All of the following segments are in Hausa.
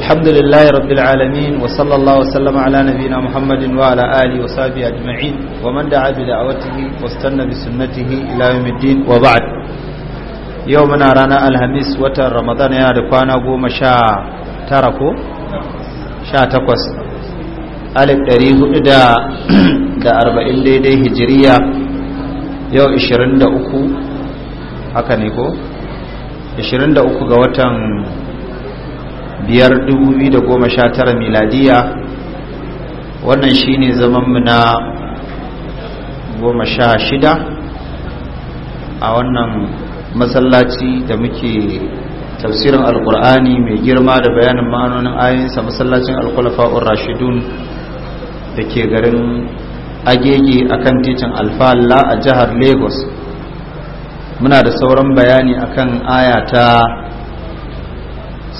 الحمد لله رب العالمين وصلى الله وسلم على نبينا محمد وعلى آله وصحبه أجمعين ومن دعا بدعوته واستنى بسنته إلى يوم الدين وبعد يومنا رانا الهميس وتر رمضان يا رفانا قوم شاء تركو شاء تقوس ألف تاريخ دا دا أربعين دي دي هجرية يو إشرين دا أكو هكا نيكو إشرين دا أكو قوة biyar dubu biyu da goma sha tara miladiya wannan shi shine zamanmu na goma sha shida a wannan masallaci da muke tafsirin alkur'ani mai girma da bayanin ma'anonin ayinsa masallacin alkulafa'ur rashidun da ke garin agege a kan titin alfa'alla a jihar lagos muna da sauran bayani akan aya ta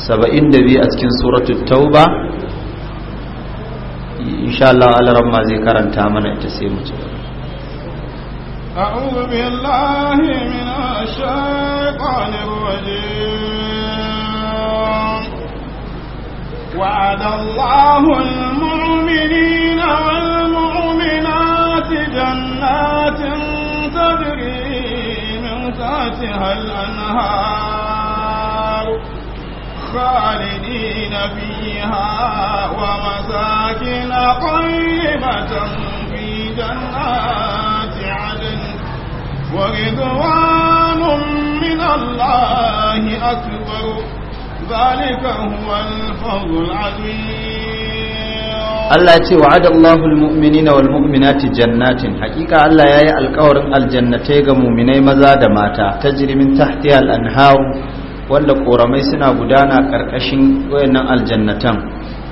saba'in da biyu a cikin suratu tauba insha Allah alaram zai karanta mana ita sai mu ci أعوذ بالله من الشيطان الرجيم وعد الله المؤمنين والمؤمنات جنات تجري من تحتها الأنهار خالدين فيها ومساكن طيبة في جنات عدن ورضوان من الله أكبر ذلك هو الفضل العظيم Allah ce wa adallahu almu'minina wal mu'minati jannatin hakika Allah yayi alƙawarin aljannatai ga mu'minai maza da mata tajri min tahtiha al-anharu wanda koramai suna gudana karkashin wayannan aljannatan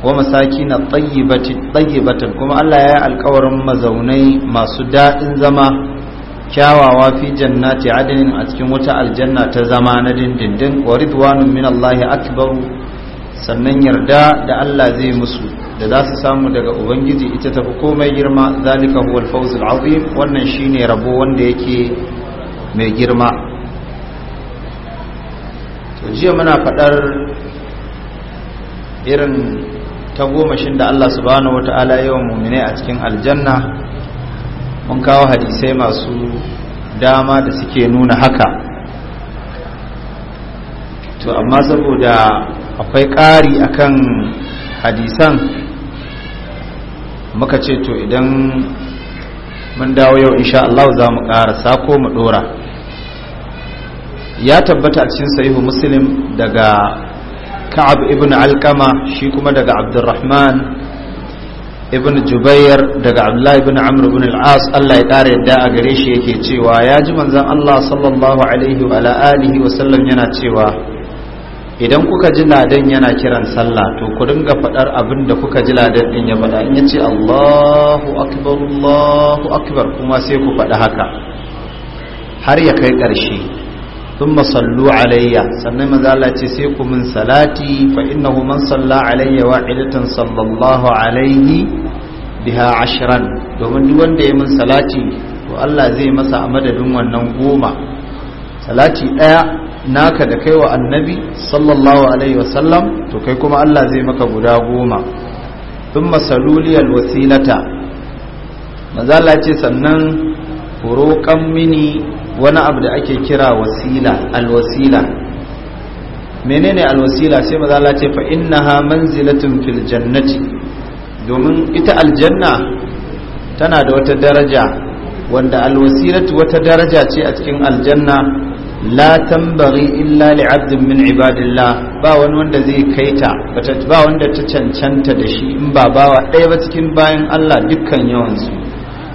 wa na tayyibati tayyibatan kuma Allah ya yi alƙawarin mazaunai masu daɗin zama kyawawa fi jannati adinin a cikin wata aljanna ta zama na dindindin wa ridwanun min Allah akbar sannan yarda da Allah zai musu da za su samu daga ubangiji ita tafi komai girma zalika huwal fawzul azim wannan shine rabo wanda yake mai girma jiya muna faɗar irin ta gomashin da Allah subhanahu wata'ala yawan mummune a cikin aljanna mun kawo hadisai masu dama da suke nuna haka to amma saboda akwai ƙari akan hadisan muka ce to idan mun dawo yau insha Allah za mu ƙara sako mu ɗora ya tabbata a cikin sahihu muslim daga ka'ab ibn alkama shi kuma daga abdurrahman ibn jubair daga abdullahi ibn amr ibn al-as Allah ya kare yadda a gare shi yake cewa ya ji manzon Allah sallallahu alaihi wa alihi wa sallam yana cewa idan kuka ji ladan yana kiran sallah to ku dinga fadar abin da kuka ji ladan din ya faɗa in yace Allahu akbar Allahu akbar kuma sai ku faɗi haka har ya kai ƙarshe ثم صلوا علي sannan manzo Allah ce sai ku min salati fa innahu man salla alayya wahidatan sallallahu alayhi biha ashran domin duk wanda ya min salati to Allah zai masa a wannan goma salati ɗaya naka da kai wa annabi sallallahu alaihi wasallam to kai kuma Allah zai maka guda goma thumma saluli alwasilata manzo Allah ce sannan roƙan mini wani abu da ake kira wasila alwasila menene alwasila sai maza Allah ce fa innaha manzilatun fil jannati domin ita aljanna tana da wata daraja wanda alwasilatu wata daraja ce a cikin aljanna la tambari illa li abdin min ibadillah ba wani wanda zai kaita ba wanda ta cancanta da shi in ba bawa ɗaya ba cikin bayan Allah dukkan yawansu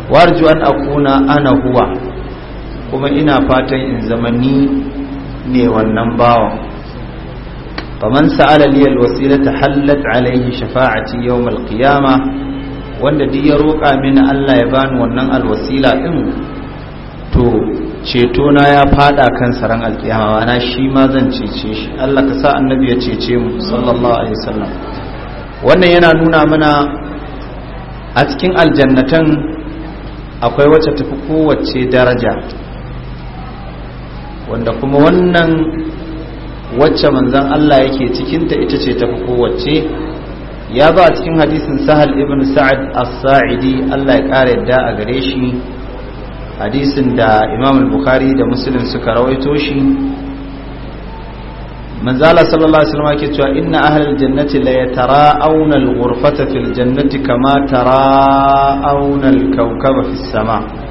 warju an akuna ana huwa kuma ina fatan in zamani ne wannan bawan faman sa'ala liyal wasilata hallat alaihi shafa'ati yawmal alqiyama wanda duk ya roƙa mini Allah ya bani wannan alwasila din to ceto na ya fada kan saran alqiyama na shi ma zan cece shi Allah ka sa annabi ya cece mu sallallahu alaihi wasallam wannan yana nuna mana a cikin aljannatan akwai wacce tafi kowace daraja wanda kuma wannan wacce manzan Allah yake cikinta ita ce tafi kowace ya ba a cikin hadisin sahal ibn sa'ad as-sa'idi Allah ya ƙara yadda a gare shi hadisin da imam bukhari da muslim suka rawaito shi manzala sallallahu alaihi wasallam ke cewa inna ahlal jannati la yatara'awna al-ghurfata fil jannati kama tara'awna al-kawkaba fis sama'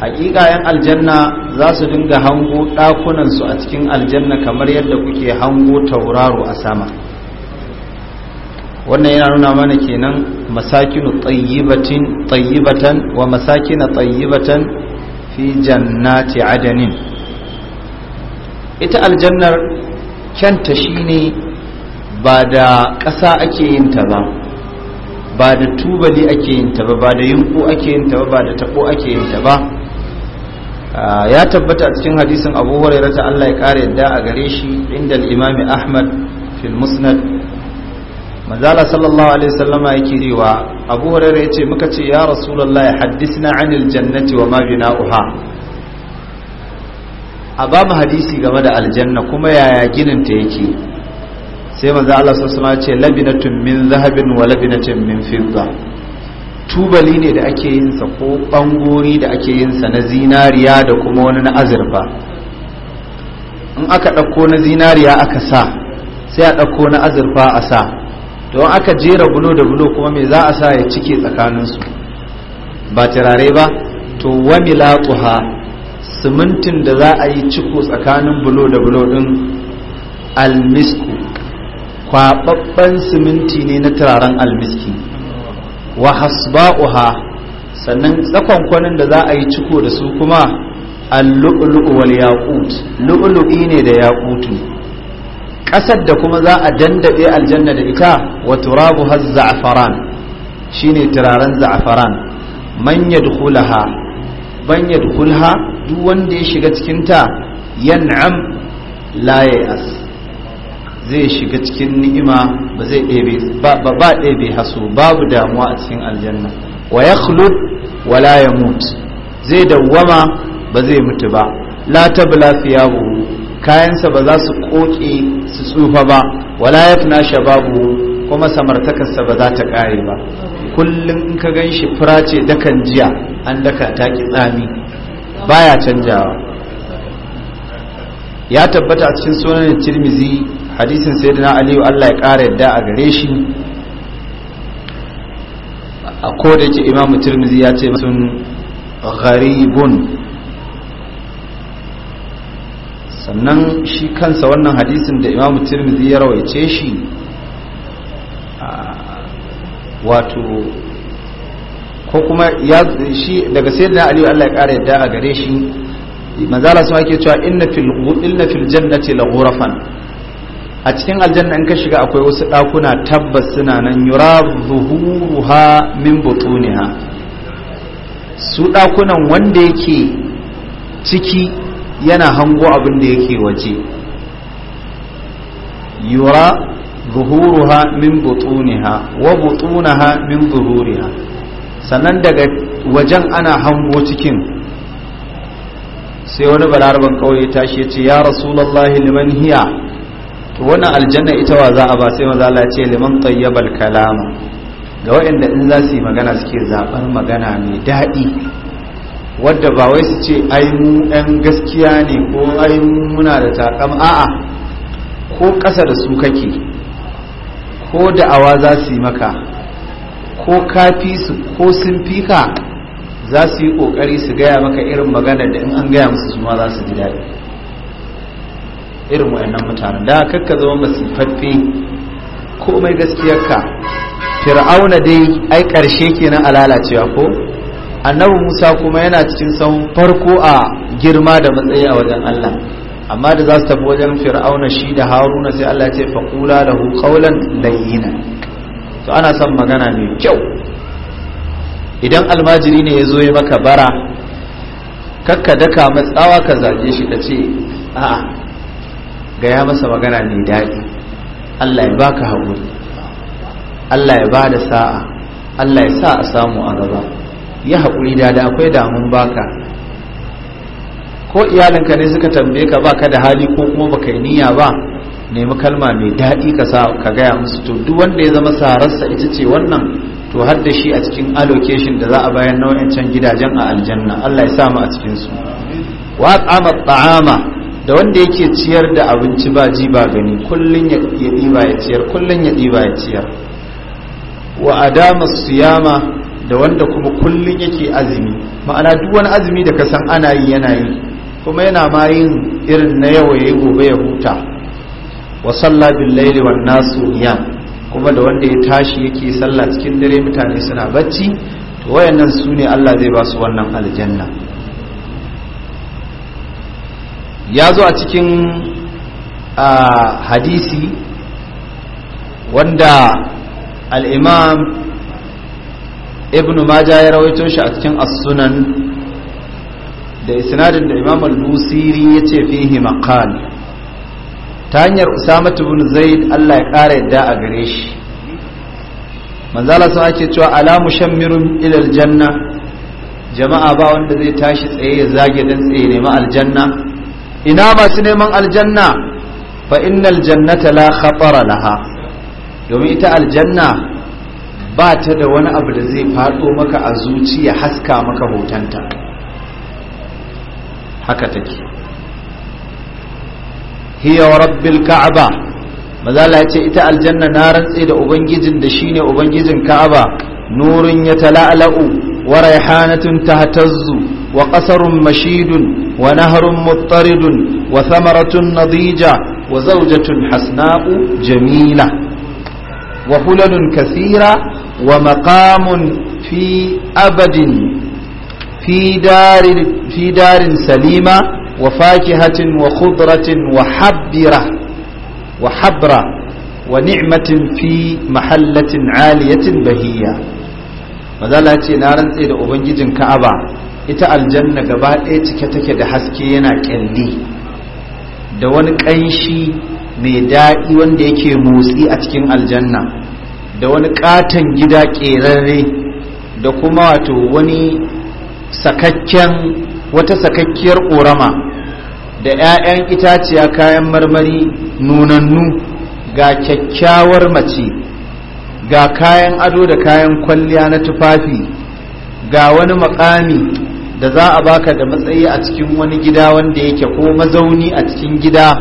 hakika 'yan aljanna za su dinga hango ɗakunansu a cikin aljanna kamar yadda kuke hango tauraro a sama wannan yana nuna mana kenan masakinu tayyibatin tayyibatan wa masakina tayyibatan fi jannati adanin ita aljannar kyanta shine ba da ƙasa ake yin ta ba ba da tubali ake yin ta ba ba da yunku ake yin ta ba ba da tako ake yin ta ba Ah, ya tabbata a cikin hadisin abu hurairah ta Allah ya kare yadda a gare shi inda al-imam ahmad fil musnad sallallahu alaihi wasallama yake cewa abu hurairah yace muka ce ya rasulullah haddisna anil jannati wa ma bina'uha a ba mu hadisi game da aljanna kuma yaya ginin ta yake sai mazala sallallahu alaihi wasallama ya ce labinatun min zahabin wa labinatun min fidda tubali ne da ake yin sa ko bangori da ake yin sa na zinariya da kuma wani na azurfa in aka ɗauko na zinariya aka sa sai a ɗauko na azurfa a sa to in aka jera bulo da bulo kuma me za a sa ya cike tsakaninsu ba turare ba to wa milatuha simintin da za a yi ciko tsakanin bulo da bulo din almisku kwaɓaɓɓen siminti ne na turaren almiski wa hasba'uha sannan tsakonkwanin da za a yi ciko da su kuma al-lu'lu'u wal yaqut lu'lu'i ne da yaqutu kasar da kuma za a dandade aljanna da ita wa turabu zafaran shine turaren za'faran man yadkhulaha ban yadkhulha duk wanda ya shiga cikin ta yan'am la ya'as zai shiga cikin ni'ima ba zai ɗebe ba ba ɗebe haso babu damuwa a cikin aljanna wa wala wa la yamut zai dawwama ba zai mutu ba la tabla thiyabu kayansa ba za su koke su tsufa ba wala yafna shababu kuma samartakarsa ba za ta kare ba kullum in ka ganshi fura ce dakan jiya an daka ta ki tsami baya canjawa ya tabbata a cikin sunan tirmizi hadisin sayyidina aliyu Allah ya ƙara yadda a gare shi a koda yake imamu tirmizi ya ce sun gharibun sannan shi kansa wannan hadisin da imamu tirmizi ya rawaice shi wato ko kuma ya shi daga sayyidina aliyu Allah ya ƙara yadda a gare shi manzala sun ake cewa inna fil jannati la ghurafan a cikin aljanna in ka shiga akwai wasu ɗakuna tabbas suna nan yura zuhuruha min butuniha su ɗakunan wanda yake ciki yana hango abin da yake waje yura zuhuruha min butuniha wa butunaha min zuhuriha sannan daga wajen ana hango cikin sai wani balarban ƙauye tashi ya ce ya rasulallah liman hiya to wannan aljanna ita wa za a ba sai maza Allah ce liman tayyabal kalama ga waɗanda in za su yi magana suke zaɓar magana mai daɗi wadda ba wai su ce ai mu ɗan gaskiya ne ko ai muna da takam a'a ko ƙasa da su kake ko da'awa za su yi maka ko kafi su ko sun fi ka za su yi ƙoƙari su gaya maka irin magana da in an gaya musu su ma za su ji daɗi irin wayannan mutanen da kakka zama masifaffe komai ka fir'auna dai ai karshe kenan a lalacewa ko annabi musa kuma yana cikin san farko a girma da matsayi a wajen allah amma da za su tafi wajen fir'auna shi da haruna sai allah ce faƙula da qawlan layyina to ana son magana mai kyau idan almajiri ne ya zo ya maka bara kakka daka matsawa ka zage shi ka ce a'a ga ya masa magana mai daɗi Allah ya baka haƙuri Allah ya ba da sa'a Allah ya sa a samu a gaba ya haƙuri da da akwai damun baka ko iyalinka ne suka tambaye ka baka da hali ko kuma baka niyya ba nemi kalma mai daɗi ka sa ka gaya musu to duk wanda ya zama sararsa ita ce wannan to har da shi a cikin allocation da za a bayan nau'in can gidajen a aljanna Allah ya sa a cikin su wa ta'ama da wanda yake ciyar da abinci ba ji ba gani kullun ya ɗiba ya ciyar kullun ya ɗiba ya ciyar wa adama siyama da wanda kuma kullun yake azumi ma'ana duk wani azumi da ka san ana yi yana yi kuma yana ma yin irin na yau yayi gobe ya huta wa salla bil laili wan nasu ya kuma da wanda ya tashi yake sallah cikin dare mutane suna bacci to wayannan sune Allah zai ba su wannan aljanna ya zo a cikin hadisi wanda al'imam ibn maja ya rawaito shi a cikin asunan, da isnadin da imam al musiri ya ce fihi maqal ta hanyar usama tubun zaid Allah ya ƙara yadda a gare shi manzala sun ake cewa alamu shammirun ilal janna jama'a ba wanda zai tashi tsaye ya zage dan tsaye nema aljanna ina masu neman aljanna fa innal jannata la khatara laha domin ita aljanna ba ta da wani abu da zai faɗo maka a zuciya haska maka hotanta haka take hiya rabbil ka'aba maza ya ce ita aljanna na rantse da ubangijin da shine ubangijin ka'aba nurin ya tala'la'u وريحانة تهتز وقصر مشيد ونهر مضطرد وثمرة نضيجة وزوجة حسناء جميلة وحلل كثيرة ومقام في أبد في دار, في دار سليمة وفاكهة وخضرة وحبرة وحبرة ونعمة في محلة عالية بهية mazala ce na rantse da ubangijin ka'aba ita aljanna gaba ɗaya cike take da haske yana ƙyalli da wani ƙanshi mai daɗi wanda yake motsi a cikin aljanna da wani ƙaton gida ƙerarre da kuma wato wani sakakken wata sakakkiyar ƙorama da 'ya'yan itaciya kayan marmari nunannu ga kyakkyawar mace ga kayan ado da kayan kwalliya na tufafi ga wani makami da za a baka da matsayi a cikin wani gida wanda yake ko mazauni a cikin gida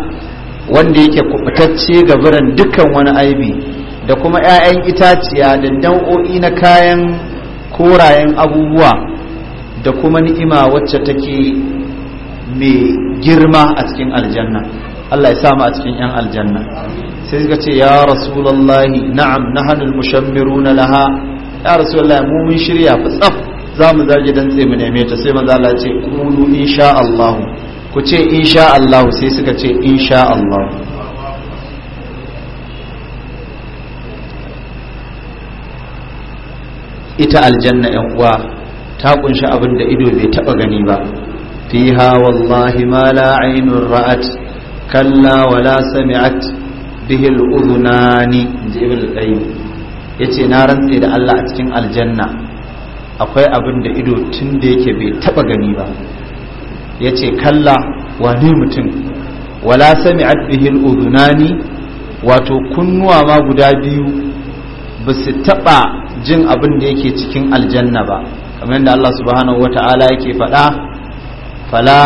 wanda yake kubutacce ga biran dukkan wani aibi da kuma 'ya'yan itaciya da nau'o'i na kayan korayen abubuwa da kuma ni'ima wacce take mai girma a cikin aljanna Allah ya samu a cikin 'yan aljanna sai suka ce ya rasulallahi na'am nahanul mushammiruna laha ya rasulallahi mu mun shirya fa tsaf za mu zage dan tsaye mu neme ta sai manzo Allah ce qulu insha Allah ku ce insha Allah sai suka ce insha Allah ita aljanna yan uwa ta kunshi abin da ido bai taba gani ba fiha wallahi ma la aynun ra'at kalla wala sami'at bihil udhunani inji ibn al-qayyim yace na rantse da Allah a cikin aljanna akwai abin da ido tun da yake bai taba gani ba yace kalla wane mutum wala sami'at bihil udhunani wato kunnuwa ma guda biyu ba su taba jin abin da yake cikin aljanna ba kamar yadda Allah subhanahu wata'ala yake faɗa fala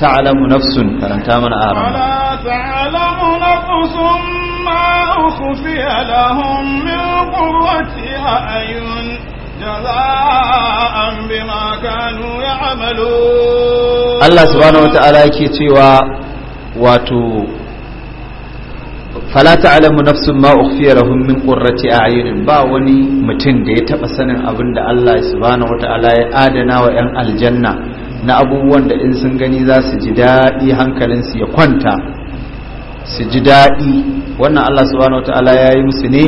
ta'lamu nafsun karanta mana a fala ta'lamu nafsun ما أخفي لهم من قرة أعين جزاء بما كانوا يعملون الله سبحانه وتعالى يكي تيوى واتو fala ta'lamu nafsun ma ukhfiya lahum min qurrati a'yunin ba wani mutum da ya taɓa sanin abin da Allah subhanahu wata'ala ya adana wa yan aljanna na abubuwan da in sun gani za su ji daɗi hankalin su ya kwanta su ji daɗi wannan Allah subhanahu wataala ya yi musu ne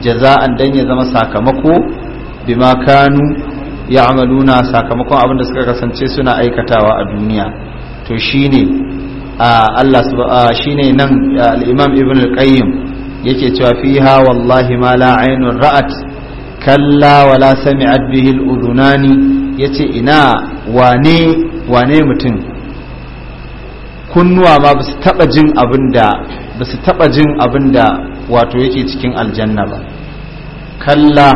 jaza'an dan ya zama sakamako bima kanu ya'maluna sakamakon abin da suka kasance suna aikatawa a duniya to shine Allah shine nan al-Imam Ibn al-Qayyim yake cewa fiha wallahi ma la aynun ra'at kalla wala sami'at bihi al-udhunani yace ina wane wane mutum kunnuwa ma ba su taba jin abin da ba su taɓa jin abin da wato yake cikin aljanna ba kalla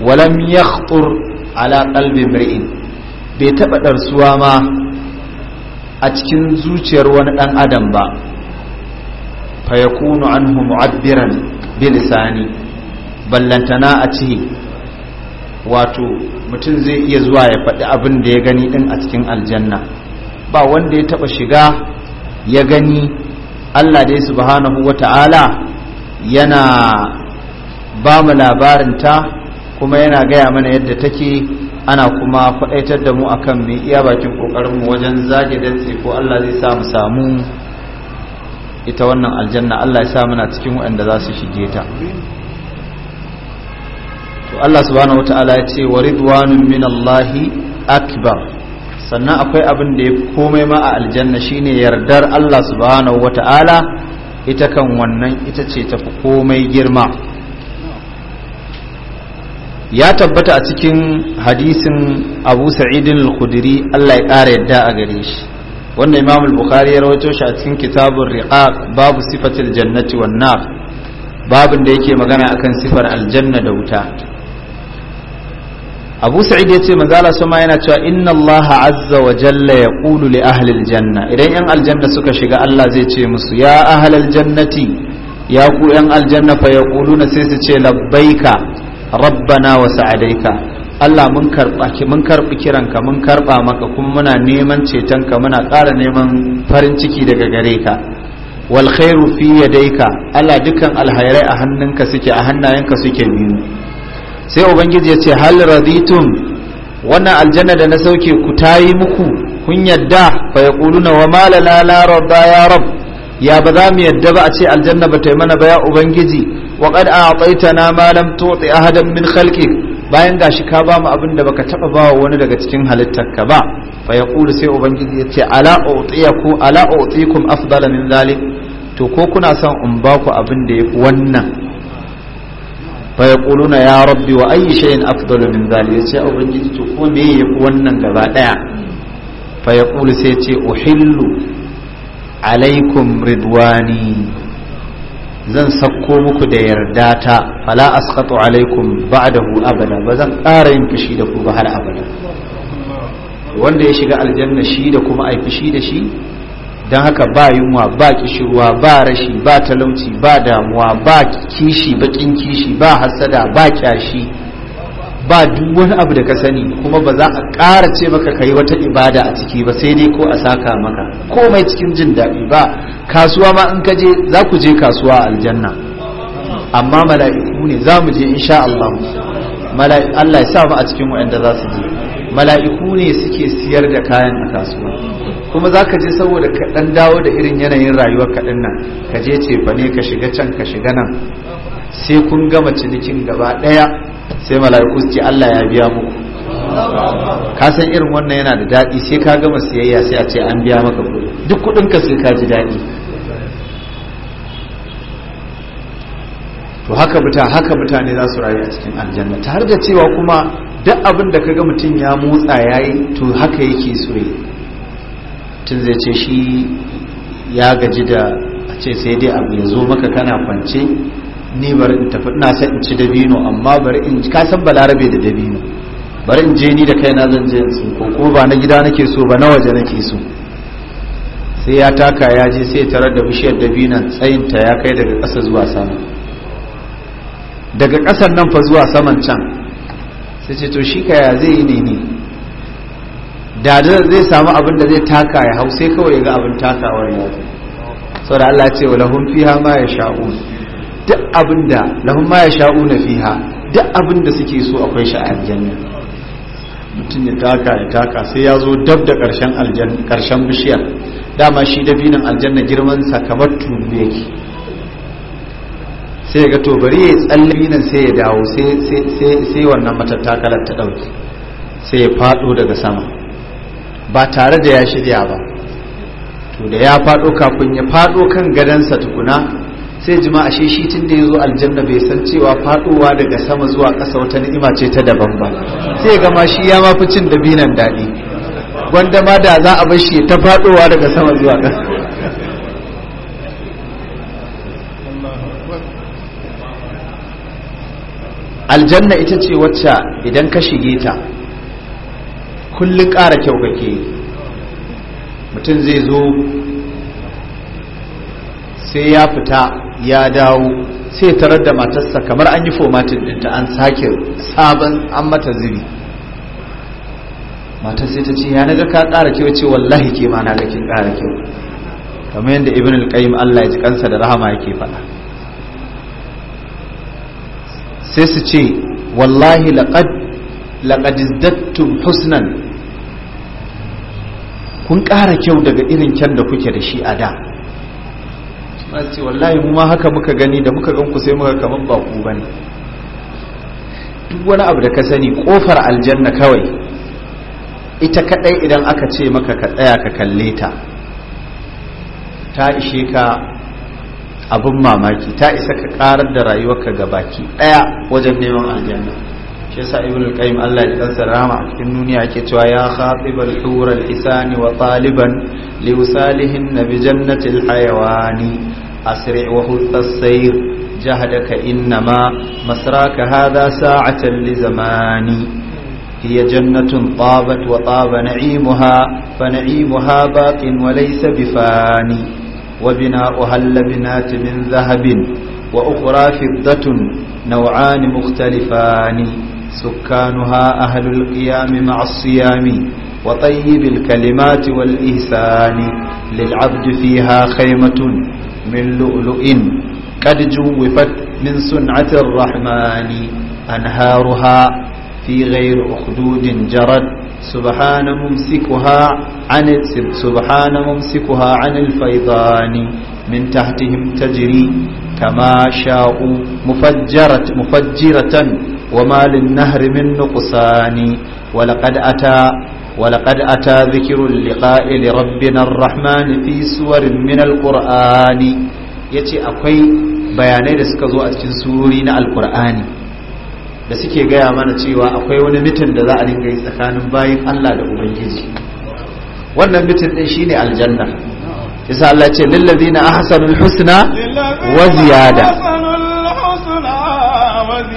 walam yakhtur ala qalbi mar'in bai taɓa ɗarsuwa ma a cikin zuciyar wani ɗan adam ba fa yakunu anhu mu'abbiran bilisani ballantana a ce wato mutum zai iya zuwa ya faɗi abin da ya gani ɗin a cikin aljanna ba wanda ya taɓa shiga ya gani Allah dai subhanahu wata'ala yana ba mu labarin ta kuma yana gaya mana yadda take ana kuma faɗaitar da mu akan mai iya bakin mu wajen zage dantse ko Allah zai sa mu samu ita wannan aljanna Allah ya sa muna cikin waɗanda za su shige ta to Allah subhanahu ta’ala ya ce wa ridwanun min Allahi akbar sannan akwai abin da ya komai ma a aljanna shine yardar Allah subhanahu wata'ala ita kan wannan ita ce tafi komai girma ya tabbata a cikin hadisin abu sa'idin al-khudri Allah ya ƙara yadda a gare shi wanda imam al-bukhari ya rawaito shi a cikin kitabun riqaq babu sifatil jannati wan nar babin da yake magana akan sifar aljanna da wuta abu sa'id ya ce manzala sama yana cewa inna allah azza wa jalla ya kulu li ahli aljanna idan yan aljanna suka shiga allah zai ce musu ya ahli jannati ya ku yan aljanna fa yaquluna sai su ce labbaika rabbana wa sa'adaika Allah mun karba ki mun karbi kiranka mun karba maka kuma muna neman cetonka muna ƙara neman farin ciki daga gare ka wal khairu fi yadayka Allah dukan alhairai a hannunka suke a hannayenka suke biyu sai ubangiji ya ce hal raditum wannan aljanna da na sauke ku tayi muku kun yadda fa yaquluna wa ma la rabba ya rab ya ba za mu yadda ba a ce aljanna ba ta yi mana ba ya ubangiji wa qad a'taytana ma lam tu'ti ahadan min khalqi bayan gashi ka ba mu abin da baka taba bawa wani daga cikin halittarka ba fa kulu sai ubangiji yace ala utiyaku ala utikum afdala min zalik to ko kuna son in ba ku abin da yafi wannan fa na ya rabbi wa ayi shay'in afdalu min zalika sai ubangiji to ko me yafi wannan gaba daya fa sai ce uhillu alaikum ridwani zan sakko muku da yarda ta fala asqatu alaikum ba'dahu abada ba zan ƙara yin fushi da ku ba har abada wanda ya shiga aljanna shi da kuma ai fushi da shi don haka ba yunwa ba kishirwa ba rashi ba talauci ba damuwa ba kishi bakin kishi ba hasada ba kyashi ba duk wani abu da ka sani kuma ba za a ƙara ce maka ka yi wata ibada a ciki ba sai dai ko a saka maka komai cikin jin daɗi ba kasuwa ma in ka je za ku je kasuwa a aljanna amma mala'iku ne za mu je insha Allah Allah ya sa mu a cikin waɗanda za su je mala'iku ne suke siyar da kayan a kasuwa kuma za ka je saboda ka ɗan dawo da irin yanayin rayuwar kaɗan nan ka je cefa ne ka shiga can ka shiga nan sai kun gama cinikin gaba ɗaya sai mala'iku su Allah ya biya muku ka san irin wannan yana da daɗi sai ka gama siyayya sai a ce an biya maka kuɗi duk kuɗin ka sai ka ji daɗi to mutane haka mutane za su rayu a cikin aljanna tare da cewa kuma duk abin da kaga mutum ya motsa yayi to haka yake so yi tun zai ce shi ya gaji da a ce sai dai abu ya zo maka kana kwance ni bari in tafi ina san in ci dabino amma bari in ka san balarabe da dabino bari in je ni da kaina zan je in ko ko ba na gida nake so ba na waje nake so sai ya taka ya je sai tarar da bishiyar dabinan tsayinta ya kai daga ƙasa zuwa sama daga ƙasar nan fa zuwa saman can sai ce to shi kaya zai yi nini ne da zai samu abin da zai taka ya hau sai kawai ga abin takawar ya sau da Allah ce wa lahun fiha ma ya sha'u duk abin da lahun ma ya sha'u na fiha duk abin da suke so akwai shi a aljanna mutum ya taka ya taka sai ya zo dab da karshen bishiyar dama shi dabinin aljanna girman sa kamar tulu yake sai ga to bari ya tsalle nan sai ya dawo sai wannan matattakalar ta ɗauki sai ya faɗo daga sama ba tare da ya shirya ba to da ya faɗo kafin ya faɗo kan gadansa tukuna sai jima a shi tun da ya zo aljanna bai san cewa faɗowa daga sama zuwa ƙasa wata ni'ima ce ta daban ba sai ga ma shi ya mafi cin dabinan daɗi gwanda ma da za a bar shi ta faɗowa daga sama zuwa ƙasa aljanna ita ce wacce idan ka shige ta kullum ƙara kyau kake mutum zai zo sai ya fita ya dawo sai tarar da matarsa kamar an yi fomatin ɗinta an sake sabon an mata zibi matar sai ta ce ya naga ka ƙara kyau ce wallahi ke ma na ga kin ƙara kyau kamar yadda ibn al Allah ya ji kansa da rahama yake faɗa sai su ce wallahi laqad izdattum husnan kun ƙara kyau daga irin kyan da kuke da shi a da masu ce wallahi mu ma haka muka gani da muka gan sai muka kamar ba ku bane duk wani abu da ka sani ƙofar aljanna kawai ita kadai idan aka ce maka ka tsaya ka kalle ta ta ishe ka abin mamaki ta isa ka karar da rayuwarka ga baki daya wajen neman aljanna shi yasa ibnu qayyim Allah ya kansa rama a cikin duniya yake cewa ya khatibal hural isani wa taliban li usalihin bi jannatil hayawani asri wa hutta jahadaka innama masraka hadha sa'atan li zamani هي جنة طابت وطاب نعيمها فنعيمها باق وليس بفاني وبناؤها اللبنات من ذهب وأخرى فضة نوعان مختلفان سكانها أهل القيام مع الصيام وطيب الكلمات والإحسان للعبد فيها خيمة من لؤلؤ قد جوفت من صنعة الرحمن أنهارها في غير أخدود جرت سبحان ممسكها عن سبحان ممسكها عن الفيضان من تحتهم تجري كما شاءوا مفجرة مفجرة وما للنهر من نقصان ولقد أتى ولقد أتى ذكر اللقاء لربنا الرحمن في سور من القرآن يتي أقوي بياني رسكزو أتكن سورين القرآن da suke gaya mana cewa akwai wani mitin da za a dinga yi tsakanin bayin Allah da Ubangiji wannan mitin din shine aljanna yasa Allah ce ahsanu al husna wa ziyada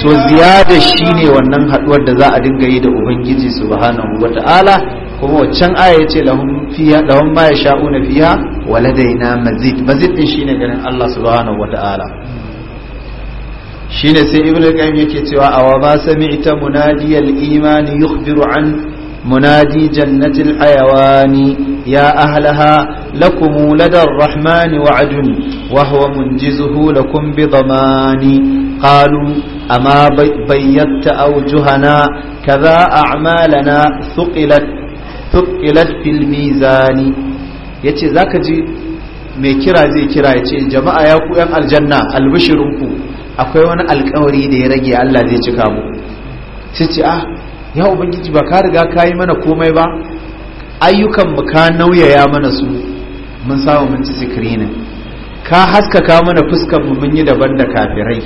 to ziyada shine wannan haduwar da za a dinga yi da Ubangiji subhanahu wata'ala kuma waccan aya yace lahum fiya lahum ma yasha'una fiya waladaina mazid mazid din shine ganin Allah subhanahu wata'ala shine sai ibnu qayyim yake cewa awa ba sami'ta munadiyal imani yukhbiru an munadi jannatil ayawani ya ahlaha lakum ladar rahmani wa'dun wa huwa munjizuhu lakum bi dhamani قالوا أما بيت أوجهنا كذا أعمالنا ثقلت ثقلت في الميزان yace zaka ji mai kira zai kira yace jama'a ya ku yan aljanna albishirinku akwai wani alkawari da ya rage Allah zai cika mu sai ce ah ya ubangiji ba ka riga ka yi mana komai ba ayyukan mu ka nauyaya mana su mun samu mun ci sikirinin ka haskaka mana fuskar mu mun yi daban da kafirai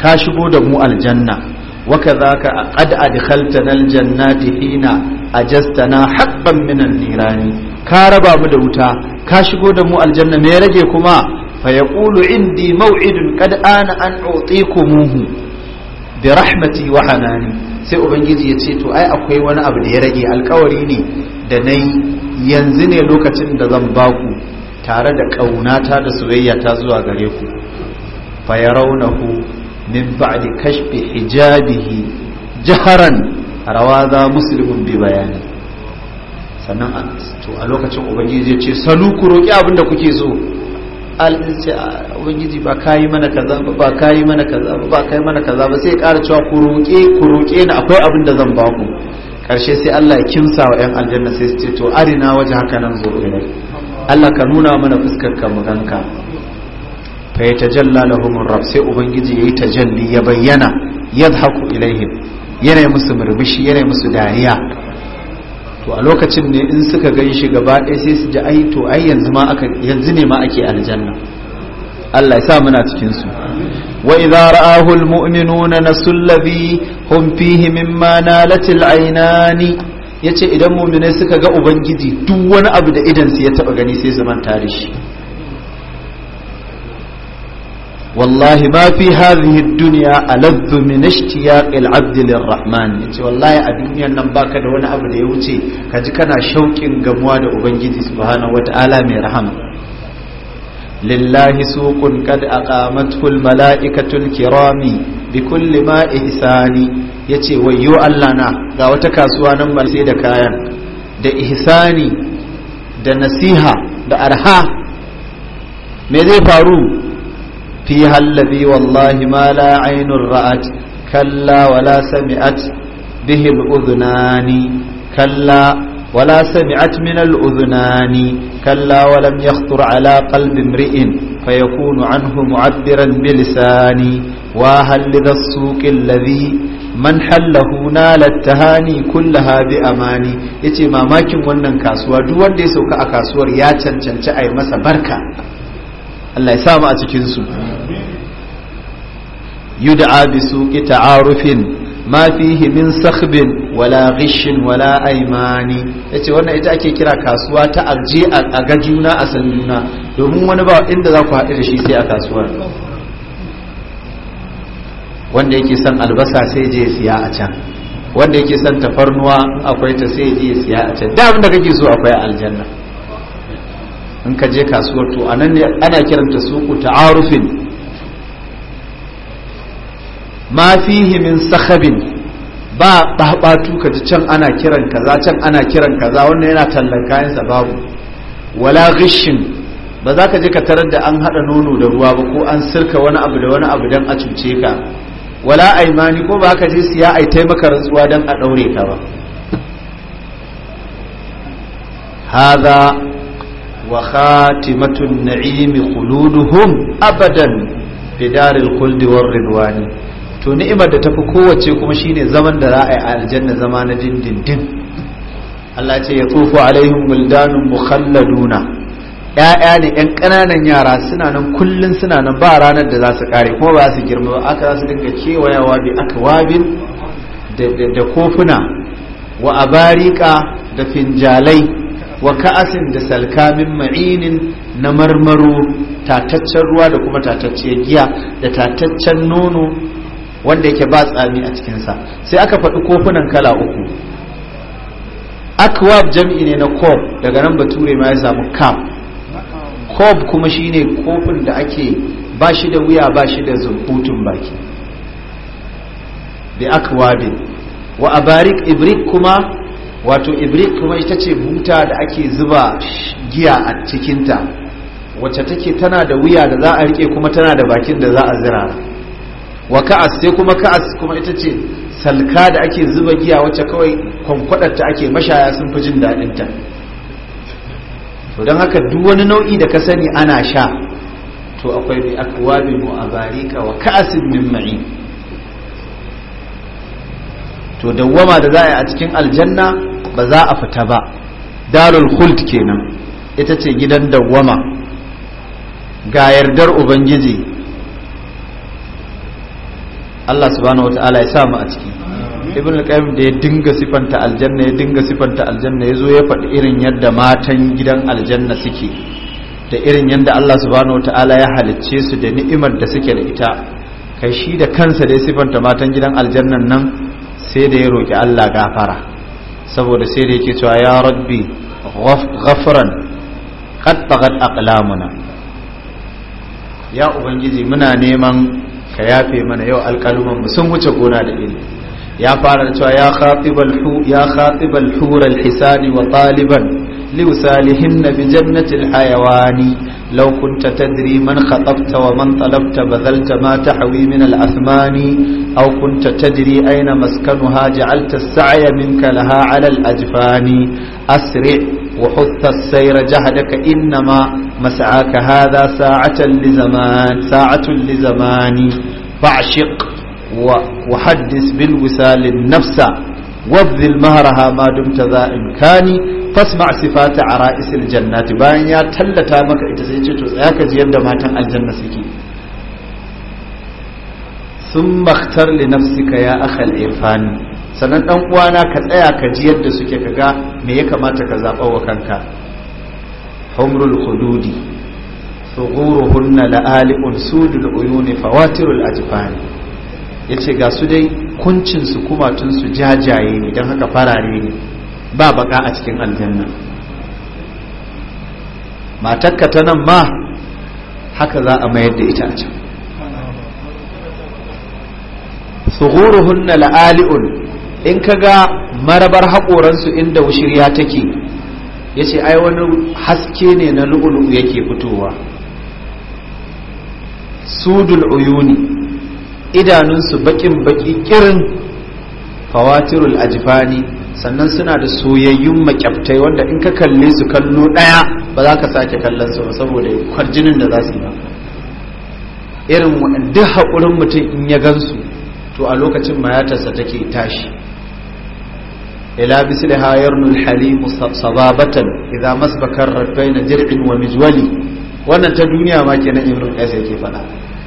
ka shigo da mu aljanna wa kadhaka qad adkhaltana aljannati hina ajastana haqqan min an-nirani ka raba mu da wuta ka shigo da mu aljanna me rage kuma Faya yaqulu indi maw'idun qad ana an utikumuhu bi rahmati wa hanani sai ubangiji ya ce to ai akwai wani abu da ya rage alkawari ne da nayi yanzu ne lokacin da zan baku tare da ƙaunata da soyayya ta zuwa gare ku fa yarawnahu min ba'di kashfi hijabihi jaharan rawaza muslimun bi bayani sannan to a lokacin ubangiji ya ce salu ku roki abin da kuke so alin ce a ah, ubangiji ba yi mana kaza ba ba yi mana kaza ba ba mana kaza ba sai ƙara cewa ku roƙe ku roƙe ni akwai abin da zan ba ku karshe sai Allah ya kimsa wa 'yan aljanna sai su ce to arina waje haka nan zo ne. Allah ka nuna mana fuskar ka mu ganka fa yatajalla lahum rabb sai ubangiji yayi tajalli ya bayyana yadhaku ilaihim yana musu murmushi yana musu dariya to a lokacin ne in suka gan shi gaba ɗaya sai su ji ai to ai yanzu ma aka yanzu ne ma ake aljanna Allah ya sa muna cikin su wa idza ra'ahu almu'minuna nasulladhi hum fihi mimma nalatil aynani yace idan mu'minai suka ga ubangiji duk wani abu da idan su ya taba gani sai su manta wallahi ma fi hadhihi dunya aladdu min ishtiyaq al-abd yace wallahi a duniyan nan baka da wani abu da ya wuce Ka ji kana shauƙin gamuwa da ubangiji subhanahu wataala mai rahama lillahi suqun qad a al-mala'ikatu al-kirami bi kulli ma ihsani yace wayyo Allah na ga wata kasuwa nan ba da kayan da ihsani da nasiha da arha me zai faru فيها الذي والله ما لا عين رأت كلا ولا سمعت به الأذنان كلا ولا سمعت من الأذنان كلا ولم يخطر على قلب امرئ فيكون عنه معبرا بلسان واهل لذا السوق الذي man hallahu nalattahani kullaha bi amani yace mamakin wannan kasuwa duk wanda ya sauka a kasuwar ya cancanci a yi masa barka Allah ya sa mu a cikin su yud'a bi suqi ta'arufin ma fihi min sakhbin wala ghishin wala aymani yace wannan ita ake kira kasuwa ta arje a ga juna a san juna domin wani ba inda za ku haɗu da shi sai a kasuwar wanda yake san albasa sai je siya a can wanda yake san tafarnuwa akwai ta sai je siya a can da abin da kake so akwai aljanna in ka je kasuwar to anan ne ana kiranta suku ta'arufin ma fihi min sakhabin ba babatu ka ji can ana kiran kaza can ana kiran kaza wannan yana tallan kayansa babu wala ghishin ba za ka je ka tarar da an hada nono da ruwa ba ko an sirka wani abu da wani abu dan a cuce ka wala aimani ko ba ka je siya ai taimaka rantsuwa dan a daure ka ba haza. wa khatimatun na'imi khuluduhum abadan fi daril khuldi to ni'imar da tafi kowace kuma shine zaman da za a yi a aljanna zama na dindindin Allah ce ya tsufu alaihim muldanun mukhalladuna ya'ya ne yan ƙananan yara suna nan kullun suna nan ba ranar da za su kare kuma ba su girma ba aka za su dinga kewayawa bi aka wabin da kofuna wa abarika da finjalai wa ka'asin da salkamin ma'inin na marmaro tataccen ruwa da kuma tatacciyar giya da tataccen nono wanda yake ba tsami a cikinsa sai aka faɗi kofunan kala uku akwab jam'i ne na kob daga nan bature ma ya samu kaf kob kuma shine kofin da ake ba shi da wuya ba shi da zubutun baki bi akwabin wa abarik ibrik kuma wato ibrik kuma ita ce buta da ake zuba giya a cikinta wacce take tana da wuya da za a rike kuma tana da bakin da za a zira wa ka'as sai kuma ka'as kuma ita ce salka da ake zuba giya wacce kawai kwankwadarta ake mashaya sun fi jin daɗinta to don haka duk wani nau'i da ka sani ana sha to akwai bi akwabi mu a barika wa ka'asin min ma'i to dawwama da za a yi a cikin aljanna ba za a fita ba darul khuld kenan ita ce gidan dawwama ga yardar ubangiji Allah subhanahu wata'ala ya samu a ciki ibn al-qayyim da ya dinga sifanta aljanna ya dinga sifanta aljanna yazo ya faɗi irin yadda matan gidan aljanna suke da irin yadda Allah subhanahu wata'ala ya halicce su da ni'imar da suke da ita kai shi da kansa da ya sifanta matan gidan aljannan nan sai da ya roki Allah gafara saboda sai da yake cewa ya rabbi ghafran qad taghat aqlamuna ya ubangiji muna neman ka yafe mana yau alƙaluman mu sun wuce gona da iri ya fara cewa ya khatibal hu ya khatibal hur al hisani wa taliban li usalihinna bi jannati al hayawani لو كنت تدري من خطبت ومن طلبت بذلت ما تحوي من الأثمان أو كنت تدري أين مسكنها جعلت السعي منك لها على الأجفان أسرع وحث السير جهدك إنما مسعاك هذا ساعة لزمان ساعة لزمان فاعشق وحدث بالوسال النفس وابذل مهرها ما دمت ذا إمكاني fasma sifati ara'isil jannati bayan ya tallata maka ita sai ce to tsaya ka ji yadda matan aljanna suke sun makhtar li nafsika ya akhal irfani sannan dan uwana ka tsaya ka ji yadda suke kaga me ya kamata ka zaba wa kanka humrul hududi ثغورهن لآلئ سود العيون فواتر الأجفان yace ga su dai kuncinsu kumatunsu jajaye ne don haka farare ne ba baka a cikin aljanna matakka ta nan ma haka za a mayar da ita a can suhuruhunna la'ali'un in ka ga marabar haƙoransu inda wushirya take ya ce ai wani haske ne na lu'ulu yake fitowa sudul uyuni idanunsu baƙin baƙi kirin fawatirul ajifani sannan suna da soyayyun makyaftai wanda in ka kalle su kallo ɗaya ba za ka sake kallon su saboda kwarjinin da za su yi ba irin duk haƙurin mutum in ya gan su to a lokacin mayatarsa take tashi ila bisu da hayar al-halim sababatan idan masbakar ar na jirgin wa mijwali wannan ta duniya ma ke nan imrin qais yake faɗa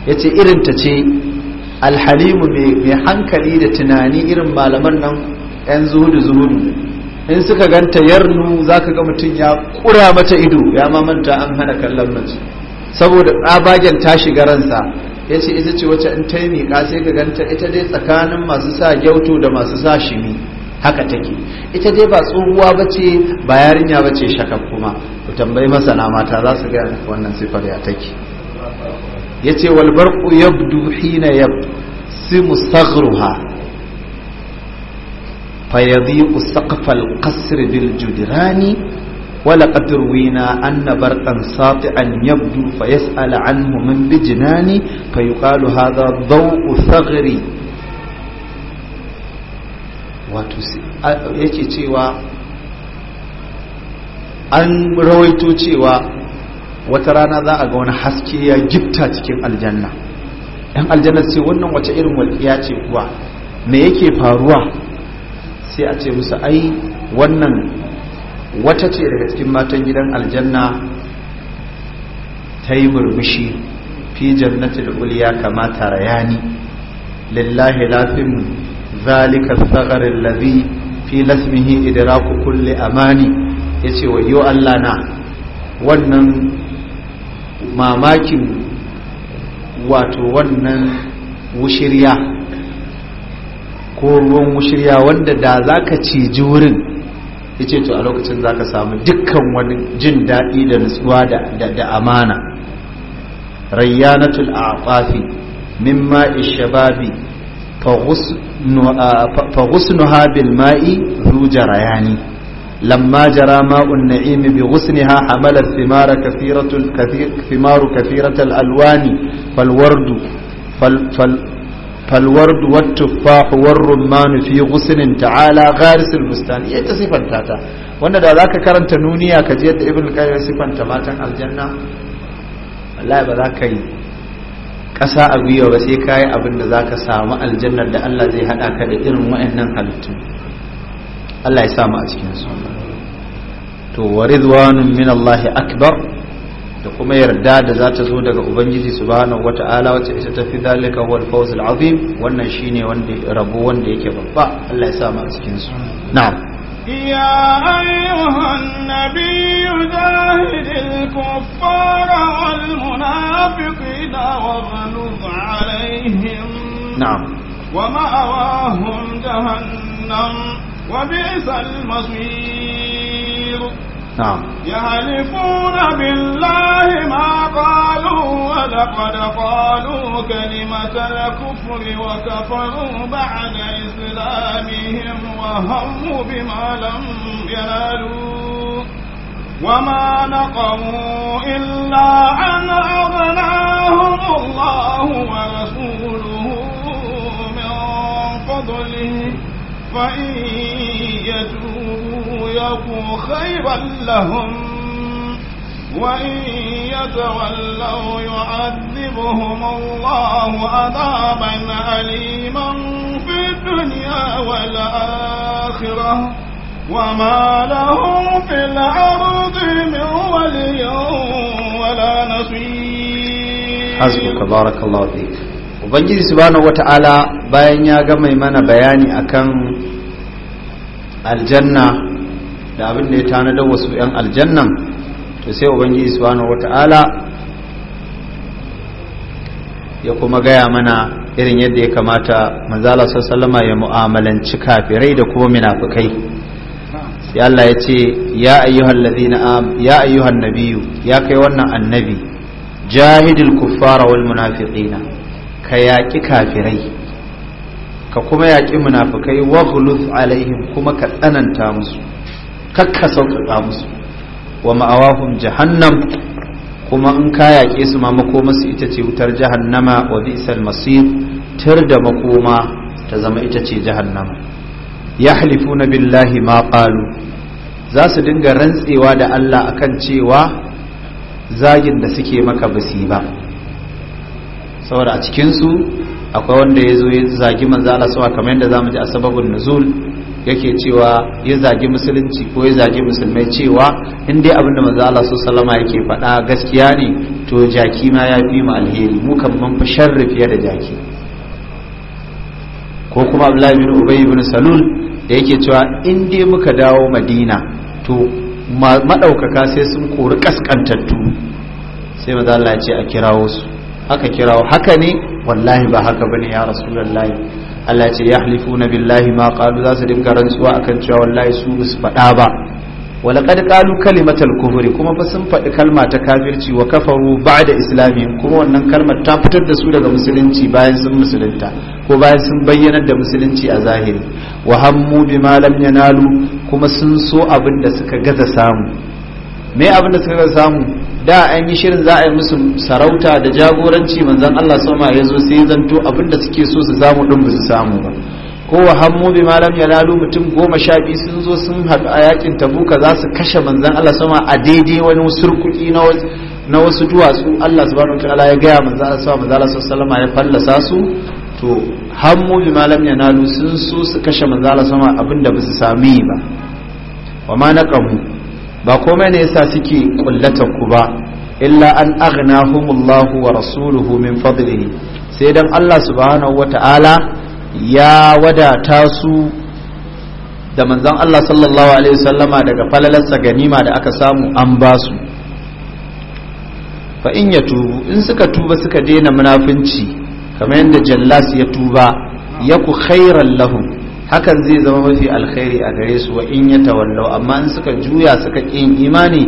yace irin ta ce alhalimu mai hankali da tunani irin malaman nan yan zuhudu zuhudu in suka ganta yarnu zaka ga mutum ya ƙura mata ido ya mamanta an hana kallon mace saboda tsabagen ta shiga ransa ya ce ita ce wacce in ta yi miƙa sai ka ganta ita dai tsakanin masu sa gyauto da masu sa shimi haka take ita dai ba tsohuwa ba ce ba yarinya ba ce shakar kuma ku tambayi masana mata za su gaya wannan sifar ya take ya ce walbarku yabdu hina yabdu si sagruha فيضيق سقف القصر بالجدران ولقد روينا أن برقا ساطعا يبدو فيسأل عنه من بجنان فيقال هذا ضوء ثغري yake cewa an rawaito cewa wata rana za a ga wani haske ya gifta cikin aljanna 'yan aljanna sai wannan wace irin walƙiya ce kuwa me yake faruwa sai a ce musu ai wannan wata ce daga cikin matan gidan aljanna ta yi murmushi fi jannatul uliya kama tarayani lillahi lafin zalika tsagarin lazi fi lasmihi idraku kulle amani ya ce wayo allah na wannan mamakin wato wannan wushirya ko ruwan shirya wanda da zaka ka ciji wurin ya to a lokacin zaka samu dukkan wani jin daɗi da nutsuwa da amana rayyanatul a'afafi mimma ishababi fa bil ma'i zu jarayani lamma jara ma'un na'im bi ghusniha hamalat thimara kathiratul kathir thimaru kathiratul alwani fal fal فالورد والتفاح والرمان في غسل تعالى غارس البستان هي تصفن تاتا وانا دا ذاك كرنت نونيا كجيت ابن القيم يصفن تماتا الجنة لا بذاك كي كسا أبيه وسيكاي أبن ذاك سامع الجنة دا الله زي هدا كده إرم وإنن خلتم الله يسامع أتكين سوما تو ورضوان من الله أكبر da kuma yarda da za ta zo daga ubangiji wata ala wacce ita ta fi dalika wal fawz al azim wannan shine wanda rabo wanda yake babba Allah ya sa mu a cikin su na'am ya ayyuhan nabiyyu al kuffara wal wa waghlub alaihim na'am wa awahum jahannam wa bi'sal masir نعم يحلفون بالله ما قالوا ولقد قالوا كلمة الكفر وكفروا بعد إسلامهم وهموا بما لم ينالوا وما نقموا إلا أن أغناهم الله ورسوله من فضله فإن يكو خيرا لهم وإن يتولوا يعذبهم الله عذابا أليما في الدنيا والآخرة وما لهم في الأرض من ولي ولا نصير حسبك بارك الله فيك Ubangiji subhanahu wata'ala bayan ya gama mana bayani akan aljanna da abin da ya tanadar wasu 'yan aljannan to sai ubangiji subhanahu wata'ala ya kuma gaya mana irin yadda ya kamata manzala sallama ya mu'amalanci kafirai da kuma munafukai sai Allah ya ce ya ayyuhan Nabiyu, ya kai wannan annabi jahidil kuffara wal munafiqina ka yaƙi kafirai ka kuma yaƙi munafukai wa alaihim kuma ka tsananta musu kakka sauƙaƙa musu wa ma'awahum jahannam kuma in ka yaƙe su ma makomarsu ita ce wutar jahannama wa bi'sal masir tar da makoma ta zama ita ce jahannama yahlifuna billahi ma ƙalu za su dinga rantsewa da Allah a kan cewa zagin da suke maka basi ba saboda a cikinsu akwai wanda ya zo ya zagi manzo Allah sawa kamar yadda zamu ji a sababin nuzul yake cewa ya zagi musulunci ko ya zagi musulmai cewa in dai abinda manzo Allah su salama yake faɗa gaskiya ne to jaki ma ya fi mu alheri mu kan mun fi sharri fiye da jaki ko kuma Abdullahi bin Ubay bin Salul da yake cewa in dai muka dawo Madina to madaukaka sai sun kori kaskantattu sai manzo Allah ya ce a kirawo su aka kirawo haka ne wallahi ba haka bane ya rasulullahi Allah ce ya na billahi ma kalu za su dinga rantsuwa akan cewa wallahi su musu faɗa ba walaqad qalu kalimatal kufri kuma fa sun faɗi kalma ta kafirci wa kafaru ba'da islami kuma wannan kalmar ta fitar da su daga musulunci bayan sun musulunta ko bayan sun bayyana da musulunci a zahiri wa hammu bima lam yanalu kuma sun so abin da suka gaza samu me abin da suka gaza samu da an yi shirin za a yi musu sarauta da jagoranci manzan Allah sama ya zo sai zanto abinda suke so su samu din ba su samu ba ko wa hammu bi malam ya lalu mutum goma sha biyu sun zo sun haɗu a yakin tabuka za su kashe manzan Allah sama a daidai wani surkuɗi na wasu na wasu duwatsu Allah subhanahu wa ta'ala ya gaya manzan Allah manzan Allah sallama ya fallasa su to hammu bi malam ya lalu sun so su kashe manzan Allah sama abinda ba su sami ba wa ma naqamu ba komai ne yasa suke kullatar ku ba illa an aghnahumullahu wa rasuluhu min fadlihi sai dan Allah subhanahu wata'ala ya wadata su da manzon Allah sallallahu alaihi wasallama daga falalarsa ganima da aka samu an ba su fa in ya tubu in suka tuba suka daina munafinci kamar yadda jallas ya tuba yaku khairan lahum hakan zai zama mafi alkhairi a gare su wa in ya tawallau amma in suka juya suka ƙin imani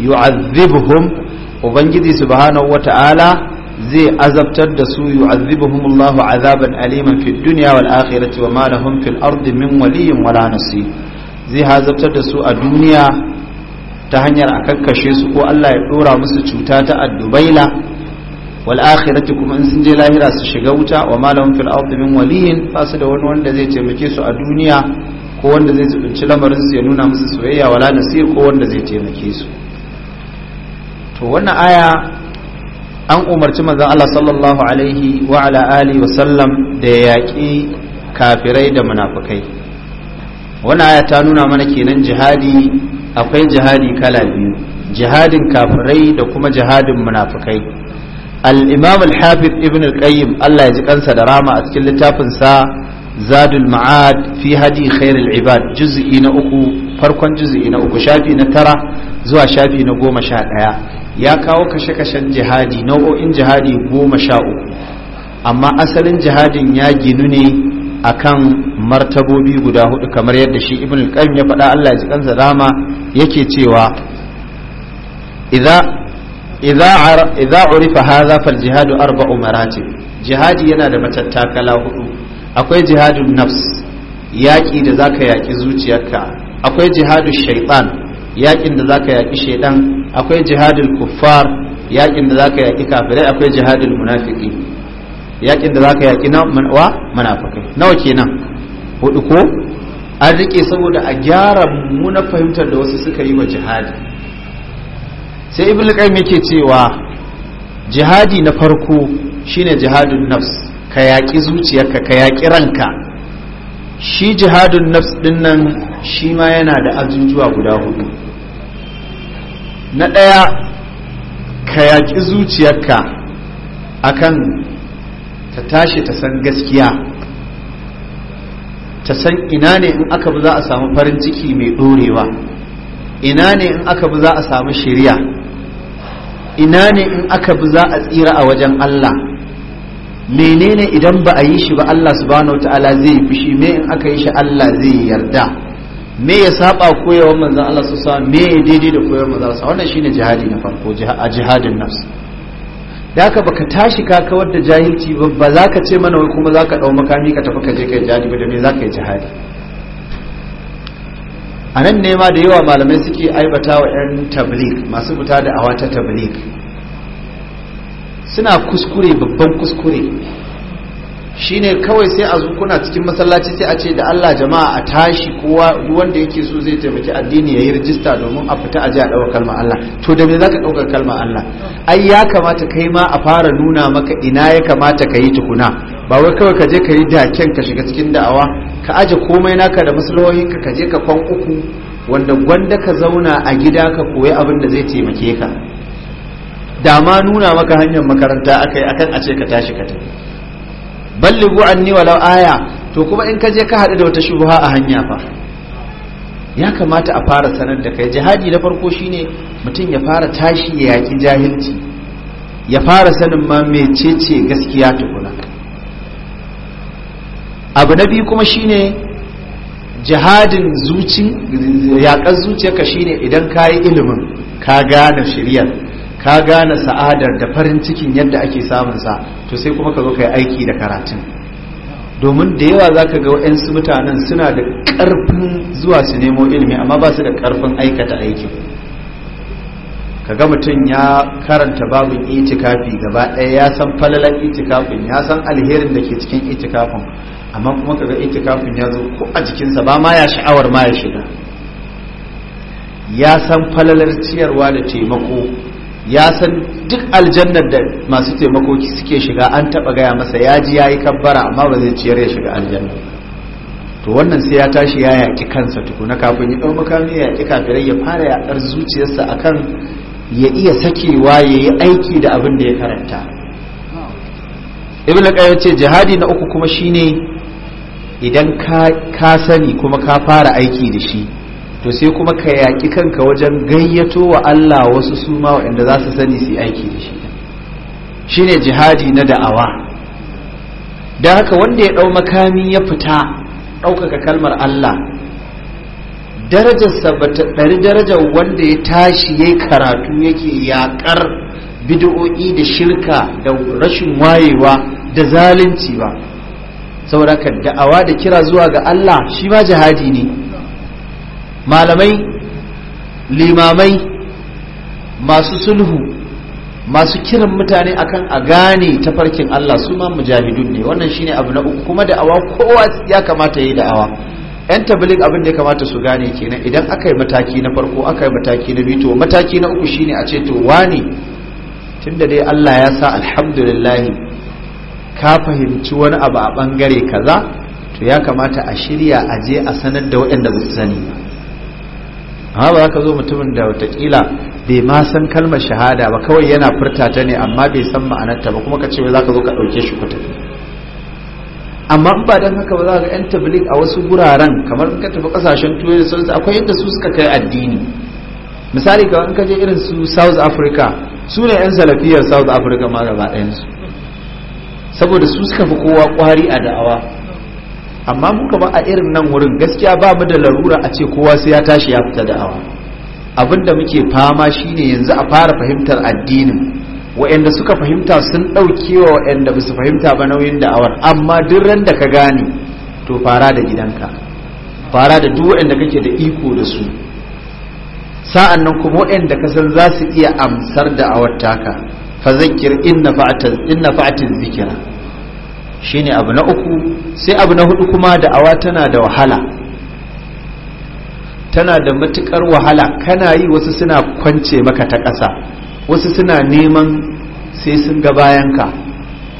yu'adhibhum ubangiji subhanahu wata'ala zai azabtar da su yu'adhibuhum Allahu azaban aliman fid dunya wal akhirati wa ma lahum fil ardi min waliyyin wala nasir zai azabtar da su a duniya ta hanyar a kakkashe su ko Allah ya dora musu cuta ta addubaila wal akhirati kuma in sun je lahira su shiga wuta wa malam fil ardi min waliyin ba da wani wanda zai taimake su a duniya ko wanda zai tsunci lamarin su ya nuna musu soyayya wala nasir ko wanda zai taimake su to wannan aya an umarci manzon Allah sallallahu alaihi wa ala alihi wa sallam da ya yaƙi kafirai da munafikai wannan aya ta nuna mana kenan jihadi akwai jihadi kala biyu jihadin kafirai da kuma jihadin munafikai al al-hafiz ibn al-qayyim Allah ya ji kansa da rama a cikin littafin sa zadul ma'ad fi hadi khairul ibad juz'i na uku farkon juz'i na uku shafi na tara zuwa shafi na goma sha ɗaya ya kawo kashe-kashen jihadi nau'o'in jihadi goma sha uku amma asalin jihadin ya ginu ne akan martabobi guda hudu kamar yadda shi ibn al ya faɗa Allah ji kansa dama yake cewa idza idza urifa hadha fal jihadu arba'u maratib jihadi yana da matattakala hudu akwai jihadun nafs yaƙi da za ka yaƙi zuciyarka akwai jihadun shaitan yaƙin da za ka yaƙi shaitan akwai jihadul kuffar yaƙin da za ka yaƙi kafirai akwai jihadul munafiki yaƙin da za ka yaƙi na wa munafikai nawa kenan hudu ko an rike saboda a gyara munafahimtar da wasu suka yi wa jihadi sai ibn qayyim yake cewa jihadi na farko shine jihadun nafs ka yaƙi zuciyarka ka yaƙi ranka shi jihadun nafs din nan shi ma yana da azujuwa guda hudu na ɗaya ka yaƙi zuciyarka akan ta tashi ta san gaskiya ta san ina ne in aka bi za a samu farin ciki mai ɗorewa ina ne in aka bi za a samu shari'a ina ne in aka bi za a tsira a wajen Allah menene idan ba a yi shi ba Allah subhanahu ta'ala zai fushi me in aka yi shi Allah zai yarda me ya saba koyawar manzon Allah su sa me ya daidai da koyawar manzon Allah wannan shine jihadi na farko a jihadin nafs da ka baka tashi ka kawar da jahilci ba ba za ka ce mana wai kuma za ka dau makami ka tafi ka je ka jihadi ba da me za ka yi jihadi a nan ne ma da yawa malamai suke aibata wa 'yan tablik masu fita da awata tablik suna kuskure babban kuskure shi ne kawai sai a kuna cikin masallaci sai a ce da Allah jama'a a tashi kowa wanda yake so zai taimaki addini ya yi rijista domin a fita a ji a ɗaukar kalmar Allah to da me ka ɗaukar kalmar Allah ai ya kamata kai ma a fara nuna maka ina ya kamata ka yi tukuna ba wai kawai ka je ka yi daken ka shiga cikin da'awa ka aje komai naka da maslahohin ka ka je ka kwan uku wanda gwanda ka zauna a gida ka koyi abin da zai taimake ka da ma nuna maka hanyar makaranta akai akan a ce ka tashi ka tafi ballighu anni walau aya to kuma in ka je ka haɗu da wata shubha a hanya fa ya kamata a fara sanar da kai jihadi na farko shine mutum ya fara tashi ya yaki jahilci ya fara sanin ma mecece gaskiya tukun abu na biyu kuma shine jihadin zuci yaƙar zuciyarka shine idan ka yi ilimin ka gane shiriyar ka gane sa'adar da farin cikin yadda ake samun sa to sai kuma ka zo ka yi aiki da karatun domin da yawa za ka ga wa'yansu mutanen suna da ƙarfin zuwa su nemo ilimi amma ba su da ƙarfin aikata aiki. Ka ga mutum ya karanta babin itikafi gaba ɗaya ya san falalar itikafin ya san alherin da ke cikin itikafin amma kuma kaga itikafin ya zo ko a jikinsa ba ma ya sha'awar ma ya shiga ya san falalar ciyarwa da taimako ya san duk aljannar da masu taimako suke shiga an taba gaya masa ya ji ya yi kabbara amma ba zai ciyar ya shiga aljanna to wannan sai ya tashi ya yaƙi kansa tukuna kafin ya ɗau makami ya yaƙi kafirai ya fara yaƙar zuciyarsa akan ya iya sakewa ya yi aiki da abin da ya karanta ibn qayyim ce jihadi na uku kuma shine idan ka sani kuma ka fara aiki da shi to sai kuma ka yaƙi kanka wajen gayyato wa Allah wasu su ma waɗanda za su sani su aiki da shi shine jihadi na da'awa don haka wanda ya ɗau makami ya fita ɗaukaka kalmar Allah darajarsa ba ɗari darajar wanda ya tashi ya karatu yake yaƙar bid'o'i da shirka da rashin wayewa da zalunci ba saboda ka da'awa da kira zuwa ga Allah shi ma jihadi ne malamai limamai masu sulhu masu kiran mutane akan a gane tafarkin Allah su ma mujahidun ne wannan shine abu na uku kuma da'awa kowa ya kamata yi da'awa yan tabligh abin da ya kamata su gane kenan idan aka yi mataki na farko aka yi mataki na biyu to mataki na uku shine a ce to wani tunda dai Allah ya sa alhamdulillah ka fahimci wani abu a bangare kaza to ya kamata a shirya a je a sanar da waɗanda ba su sani amma ba ka zo mutumin da watakila bai ma san kalmar shahada ba kawai yana furta ta ne amma bai san ta ba kuma ka ce za ka zo ka ɗauke shi ku tafi amma in ba don haka ba za ka yan tablik a wasu guraren kamar in ka tafi kasashen turai da sauransu akwai yadda su suka kai addini misali kawai in ka je irin su south africa su ne yan salafiyar south africa ma gaba ɗayansu saboda su suka fi kowa kwari a da'awa amma muka ba a irin nan wurin gaskiya ba mu da larura a ce kowa sai ya tashi ya fita da'awa abinda muke fama shine yanzu a fara fahimtar addinin wa'anda suka fahimta sun ɗauke wa wa'anda ba su fahimta ba nauyin da'awar amma duk ran da ka gane to fara da gidanka fara da duk wa'anda kake da iko da su sa'an nan kuma wa'anda ka san za su iya amsar da'awar taka fazakir inna na inna zikira. zikira shine abu na uku sai abu na hudu kuma da'awa tana da wahala tana da matukar wahala kana yi wasu suna kwance maka ta ƙasa wasu suna neman sai sun ga bayanka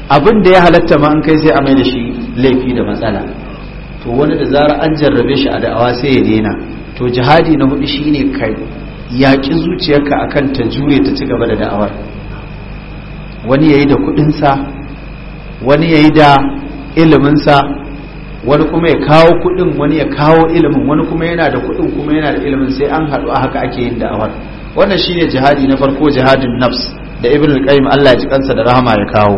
abin da ya halatta ma an kai sai a mai da shi laifi da matsala to wani da zara an jarrabe shi a da'awa sai ya daina to jihadi na hudu shine kai yaƙi zuciyarka akan ta jure ta ci gaba da da'awar wani ya yi da kudinsa wani ya yi da iliminsa wani kuma ya kawo kudin wani ya kawo ilimin wani kuma yana da kudin kuma yana da ilimin sai an haɗu a haka ake yin da'awar wannan shine jihadi na farko jihadin nafs da ibn al-qayyim Allah ya ji kansa da rahama ya kawo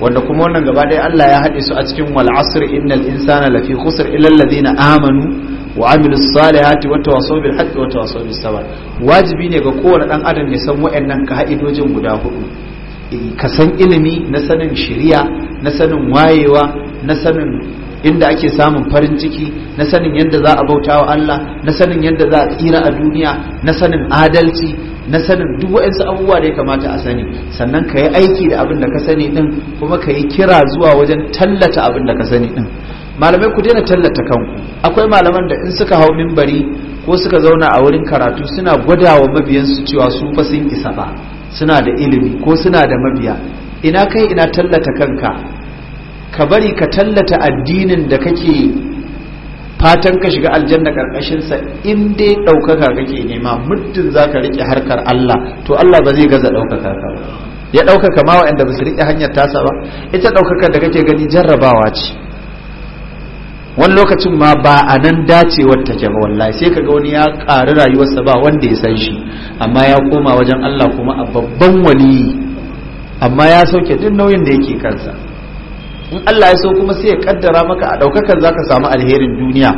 wanda kuma wannan gaba ɗaya Allah ya haɗe su a cikin wal asr innal insana lafi khusr illa alladhina amanu wa amilu salihati wa tawassaw bil haqqi wa tawassaw bis sabr wajibi ne ga kowane dan adam ya san wayannan ka'idojin guda hudu Eh, ka san ilimi na sanin shiriya na sanin wayewa na sanin inda ake samun farin ciki na sanin yadda za a bauta wa Allah na sanin yadda za a tsira a duniya na sanin adalci na sanin duk waɗansu abubuwa da ya kamata a sani sannan ka yi aiki da abin da ka sani din kuma ka yi kira zuwa wajen tallata abin da ka sani din malamai ku daina tallata kanku akwai malaman da in suka hau mimbari ko suka zauna a wurin karatu suna gwadawa wa mabiyansu cewa su fa sun isa ba suna da ilimi ko suna da mabiya ina kai ina tallata kanka ka bari ka tallata addinin da kake fatan ka shiga aljanna karkashinsa in dai ɗaukaka kake nema muddin za ka riƙe harkar Allah to Allah ba zai gaza ɗaukaka ka ba ya ɗaukaka ma wa'anda ba su riƙe hanyar tasa ba ita ɗaukakar da kake gani jarrabawa ce wani lokacin ma ba a nan dacewar ta ba wallahi sai kaga wani ya ƙari rayuwarsa ba wanda ya san shi amma ya koma wajen Allah kuma a babban waliyi amma ya sauke duk nauyin da yake kansa in Allah ya so kuma sai ya kaddara maka a ɗaukakan za ka samu alherin duniya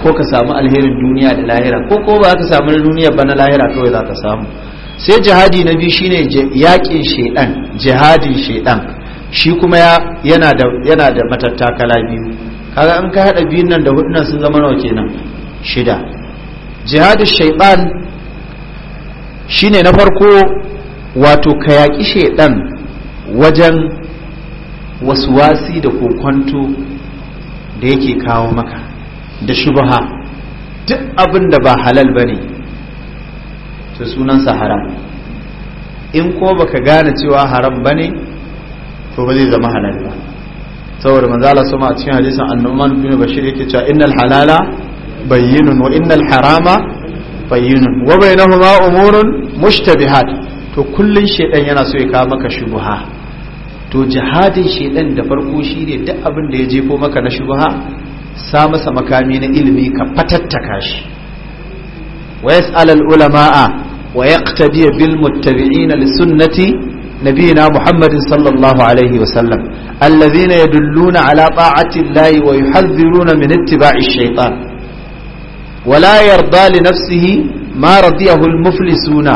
ko ka samu alherin duniya da lahira ko ko ba ka samu duniya ba na lahira kawai za ka samu sai jihadi na biyu shine yaƙin shaidan jihadin shaidan shi kuma yana da matattakala biyu kaga an ka hada biyun nan da hudu nan sun zama nawa kenan shida jihadin shaitan shine na farko wato ka yaƙi shaitan wajen wasuwasi da kokonto da yake kawo maka da shubaha duk abin da ba halal ba ne to sunansa haram in ko baka gane cewa haram bane ne to ba zai zama halal ba saboda manzo Allah sama a cikin hadisin annuman bin bashir yake cewa innal halala bayyinun wa innal harama bayyinun wa bainahuma umurun mushtabihat to kullun shedan yana so ya kawo maka shubuha to jihadin shedan da farko shine duk abin da ya jefo maka na shubuha sa masa makami na ilimi ka fatattaka shi wa yas'al al ulama'a wa yaqtadi bil muttabi'ina li sunnati نبينا محمد صلى الله عليه وسلم الذين يدلون على طاعة الله ويحذرون من اتباع الشيطان ولا يرضى لنفسه ما رضيه المفلسون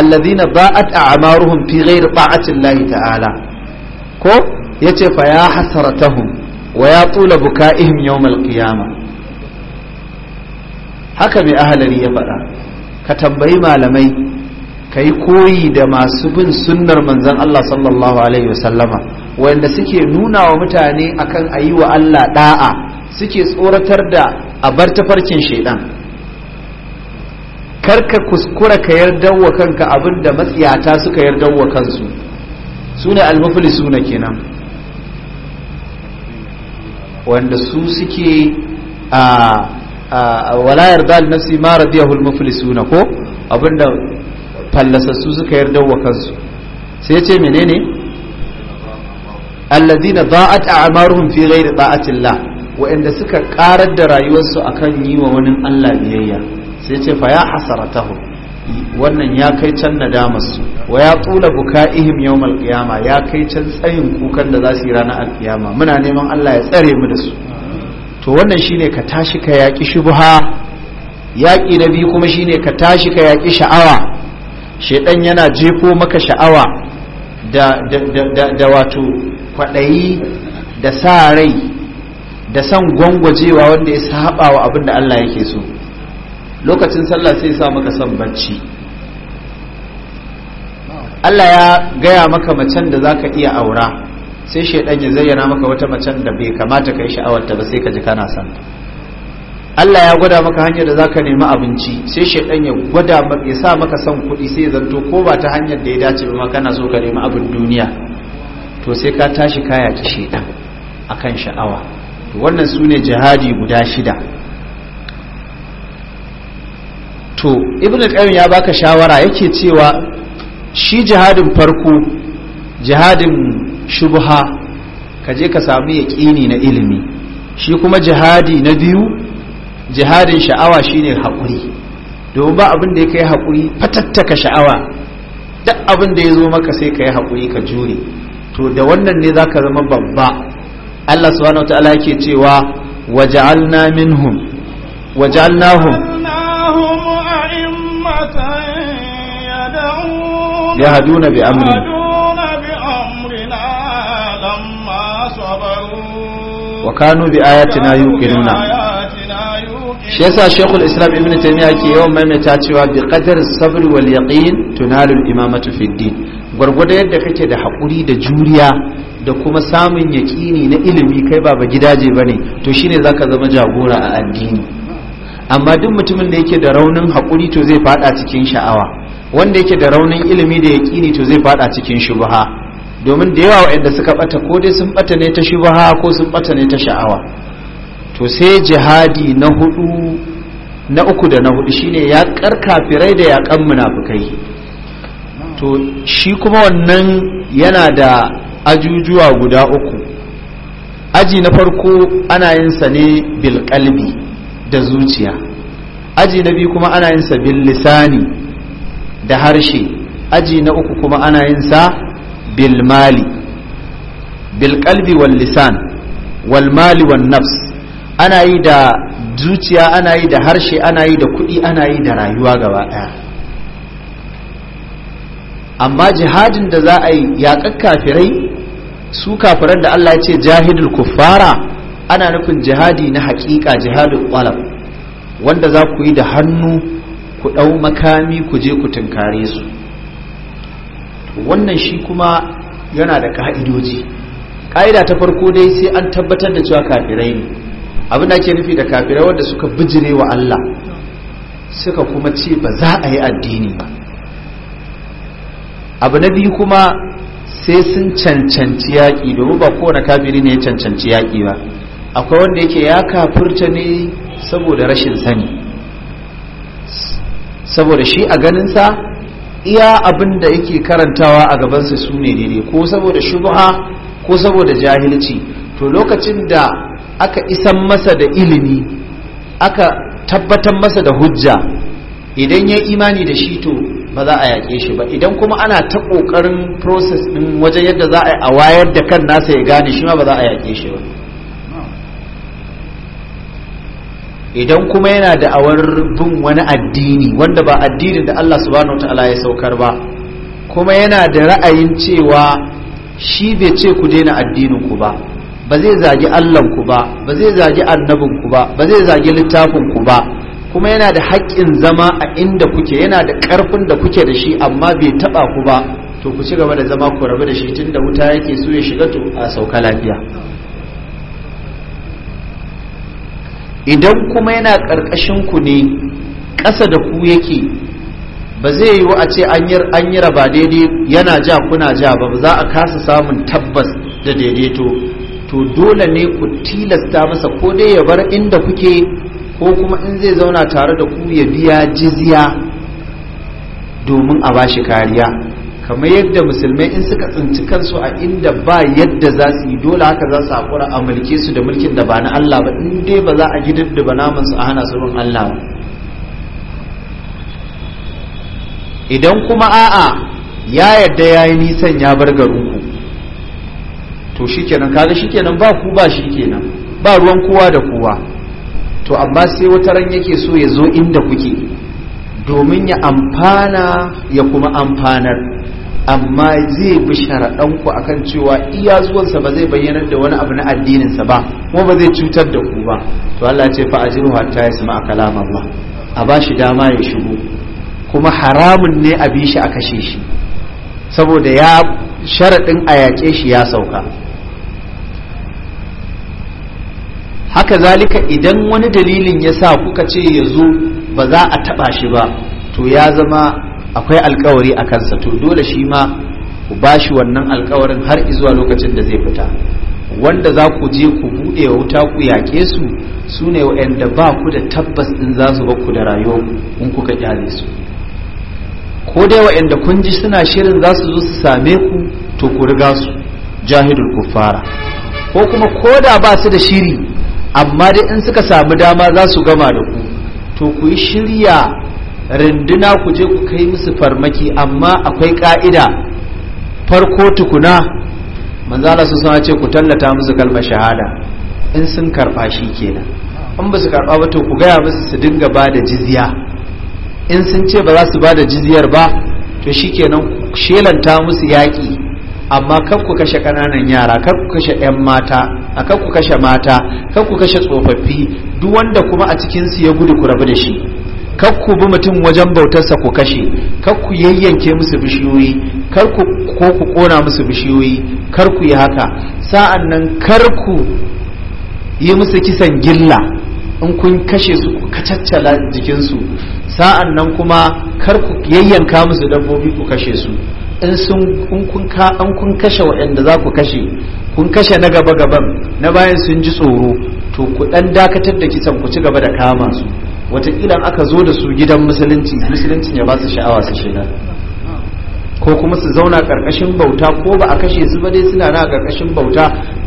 الذين ضاءت أعمارهم في غير طاعة الله تعالى كو يتي فيا حسرتهم ويا طول بكائهم يوم القيامة haka mai ahalari ya faɗa ka tambayi malamai kai koyi da masu bin sunnar manzon Allah sallallahu alaihi wasallama wanda suke nuna wa mutane akan ayi wa Allah da'a suke tsoratar da a bar tafarkin shaidan karka kuskura ka yarda wa kanka abinda matsiyata suka yarda wa kansu sune almuflisuna kenan wanda su suke a wala yarda al nafsi ma radiyahu almuflisuna ko abinda fallasassu suka yarda wa kansu sai ce menene allazina za'at a'maruhum fi ghairi ta'atillah wa'anda suka karar da rayuwarsu akan yi wa wani Allah biyayya sai ce fa ya hasaratahu wannan ya kai can su wa ya tula bukaihim yawmal qiyama ya kai can tsayin kukan da za su yi ranar alkiyama muna neman Allah ya tsare mu da su to wannan shine ka tashi ka yaki shubha yaƙi na biyu kuma shine ka tashi ka yaki sha'awa shedan yana jefo maka sha'awa da da wato kwaɗayi da sa rai da san gwangwajewa wanda ya saba wa abin da Allah yake so lokacin sallah sai sa maka son bacci Allah ya gaya maka macen da zaka iya aura sai shedan ya zayyana maka wata macen da bai kamata ka yi sha'awarta ba sai ka ji kana son Allah ya gwada maka hanyar da za ka nemi abinci sai shekan ya gwada ya sa maka son kuɗi sai ya zanto ko ba ta hanyar da ya dace ba kana so ka nemi abin duniya to sai ka tashi kaya ta a akan sha'awa to wannan ne jihadi guda shida to ibn al ya baka shawara yake cewa shi jihadin farko jihadin shubha ka je ka samu yaƙini na ilimi shi kuma jihadi na biyu jihadin sha'awa shine haƙuri domin ba abin da ya kai hakuri fatattaka sha'awa duk abin da ya zo maka sai ka yi hakuri ka jure to da wannan ne zaka zama babba Allah subhanahu wataala yake cewa waja'alna minhum waja'alnahum yahduna bi amri wa kanu bi ayatina yuqinuna shi yasa shekul islam ibn taimiyya ke yawan maimaita cewa bi qadar sabr wal yaqin tunalul imamatu fi din gurgurda yadda kake da hakuri da juriya da kuma samun yaƙini na ilimi kai ba ba gidaje bane to shine zaka zama jagora a addini amma duk mutumin da yake da raunin hakuri to zai fada cikin sha'awa wanda yake da raunin ilimi da yaƙini to zai fada cikin shubha domin da yawa waɗanda suka bata ko dai sun bata ne ta shubha ko sun bata ne ta sha'awa to sai jihadi na hudu na uku da na hudu shine ya kafirai da yaƙan munafukai to shi kuma wannan yana da ajujuwa guda uku aji na farko ana yin sa ne bil kalbi da zuciya aji na biyu kuma ana yin sa bil lisani da harshe aji na uku kuma ana yin sa bil mali bil kalbi wal lisan wal mali wan nafs ana yi da zuciya ana yi da harshe ana yi da kuɗi ana yi da rayuwa gaba ɗaya amma jihadin da za a yi yaƙar kafirai su kafiran da Allah ya ce jahidul kuffara ana nufin jihadi na haƙiƙa jihadul qalab wanda za ku yi da hannu ku ɗau makami ku je ku tunkare su wannan shi kuma yana da ka'idoji ƙa'ida ta farko dai sai an tabbatar da cewa kafirai ne abin da ke nufi da kafirai wanda suka bijire wa Allah suka kuma ce ba za a yi addini ba abu na biyu kuma sai sun cancanci yaƙi domin ba kowane kafiri ne ya cancanci yaƙi ba akwai wanda yake ya kafirta ne saboda rashin sani saboda shi a ganinsa iya abin da yake karantawa a gabansa su ne daidai ko saboda shubha ko saboda jahilci to lokacin da aka isan masa da ilimi aka tabbatar masa da hujja idan ya imani da shi to ba za a yaƙe shi ba idan kuma ana ta ƙoƙarin process ɗin wajen yadda za a wayar da kan nasa ya gane shi ma ba za a yaƙe shi ba idan kuma yana da awar bin wani addini wanda ba addinin da Allah subhanahu ta'ala ya saukar ba kuma yana da ra'ayin cewa shi bai ce ku daina addinin ku ba ba zai zagi Allahnku ba ba zai zagi annabinku ba ba zai zagi littafinku ba kuma yana da haƙƙin zama a inda kuke yana da ƙarfin da kuke da shi amma bai taɓa ku ba to ku ci gaba da zama ku rabu da shi tun wuta yake so ya shiga to a sauka lafiya idan kuma yana ƙarƙashin ku ne ƙasa da ku yake ba zai wa a ce an yi raba daidai yana ja kuna ja ba za a kasa samun tabbas da daidaito to dole ne ku tilasta masa ko dai ya bar inda kuke ko kuma in zai zauna tare da ku ya biya jizya domin a bashi kariya kamar yadda musulmai in suka tsinci kansu a inda ba yadda za su yi dole haka za su haƙura a mulke su da mulkin da ba na Allah ba in dai ba za a gidan da naman su a hana su Allah ba idan kuma a'a ya yadda ya yi nisan ya bar garin ku. to shikenan kaga kenan ba ku ba shi kenan ba ruwan kowa da kowa to amma sai wata ran yake so ya zo inda kuke domin ya amfana ya kuma amfanar amma zai bi sharaɗanku a kan cewa iya zuwansa ba zai bayyana da wani abu na addininsa ba kuma ba zai cutar da ku ba to Allah ce fa ajiru hatta ya sama kalam Allah a ba shi dama ya shigo kuma haramun ne a bi shi a kashe shi saboda ya sharaɗin a yaƙe shi ya sauka haka zalika idan wani dalilin ya sa kuka ce ya zo ba za a taɓa shi ba to ya zama akwai alkawari a kansa to dole shi ma ku ba shi wannan alkawarin har izuwa lokacin da zai fita wanda za ku je ku buɗe wuta ku yaƙe su su ne wa'anda ba ku da tabbas ɗin za su ku da rayuwa in kuka ƙyale su ko dai wa'anda kun ji suna shirin za su zo su same ku to ku riga su jahidul kuffara ko kuma ko da ba su da shiri amma dai in suka samu dama za su gama da ku to ku yi shirya rinduna ku je ku kai musu farmaki amma akwai ka'ida farko tukuna manzala su sana ce ku tallata musu kalmar shahada in sun karba shi kenan in ba su karba ba to ku gaya musu su dinga ba da jizya in sun ce ba za su ba da jizyar ba to shikenan shelanta musu yaƙi amma kar ku kashe ƙananan yara kar ku kashe 'yan mata a kan ku kashe mata kan ku kashe tsofaffi duk wanda kuma a cikin su ya gudu ku rabu da shi kar ku bi mutum wajen bautarsa ku kashe kar ku yayyanke musu bishiyoyi kar ku ko ku kona musu bishiyoyi kar ku yi haka sa'an nan kar ku yi musu kisan gilla in kun kashe su ku kacaccala jikinsu sa'an nan kuma kar ku yayyanka musu dabbobi ku kashe su in sun kun kashe waɗanda za ku kashe kun kashe na gaba gaban na bayan sun ji tsoro to ku dan dakatar da kisan ku ci gaba da kama su wataƙila aka zo da su gidan musulunci musuluncin ya ba su sha'awa su shiga. ko kuma su zauna ƙarƙashin bauta ko ba a kashe su ba dai suna na ƙarƙashin bauta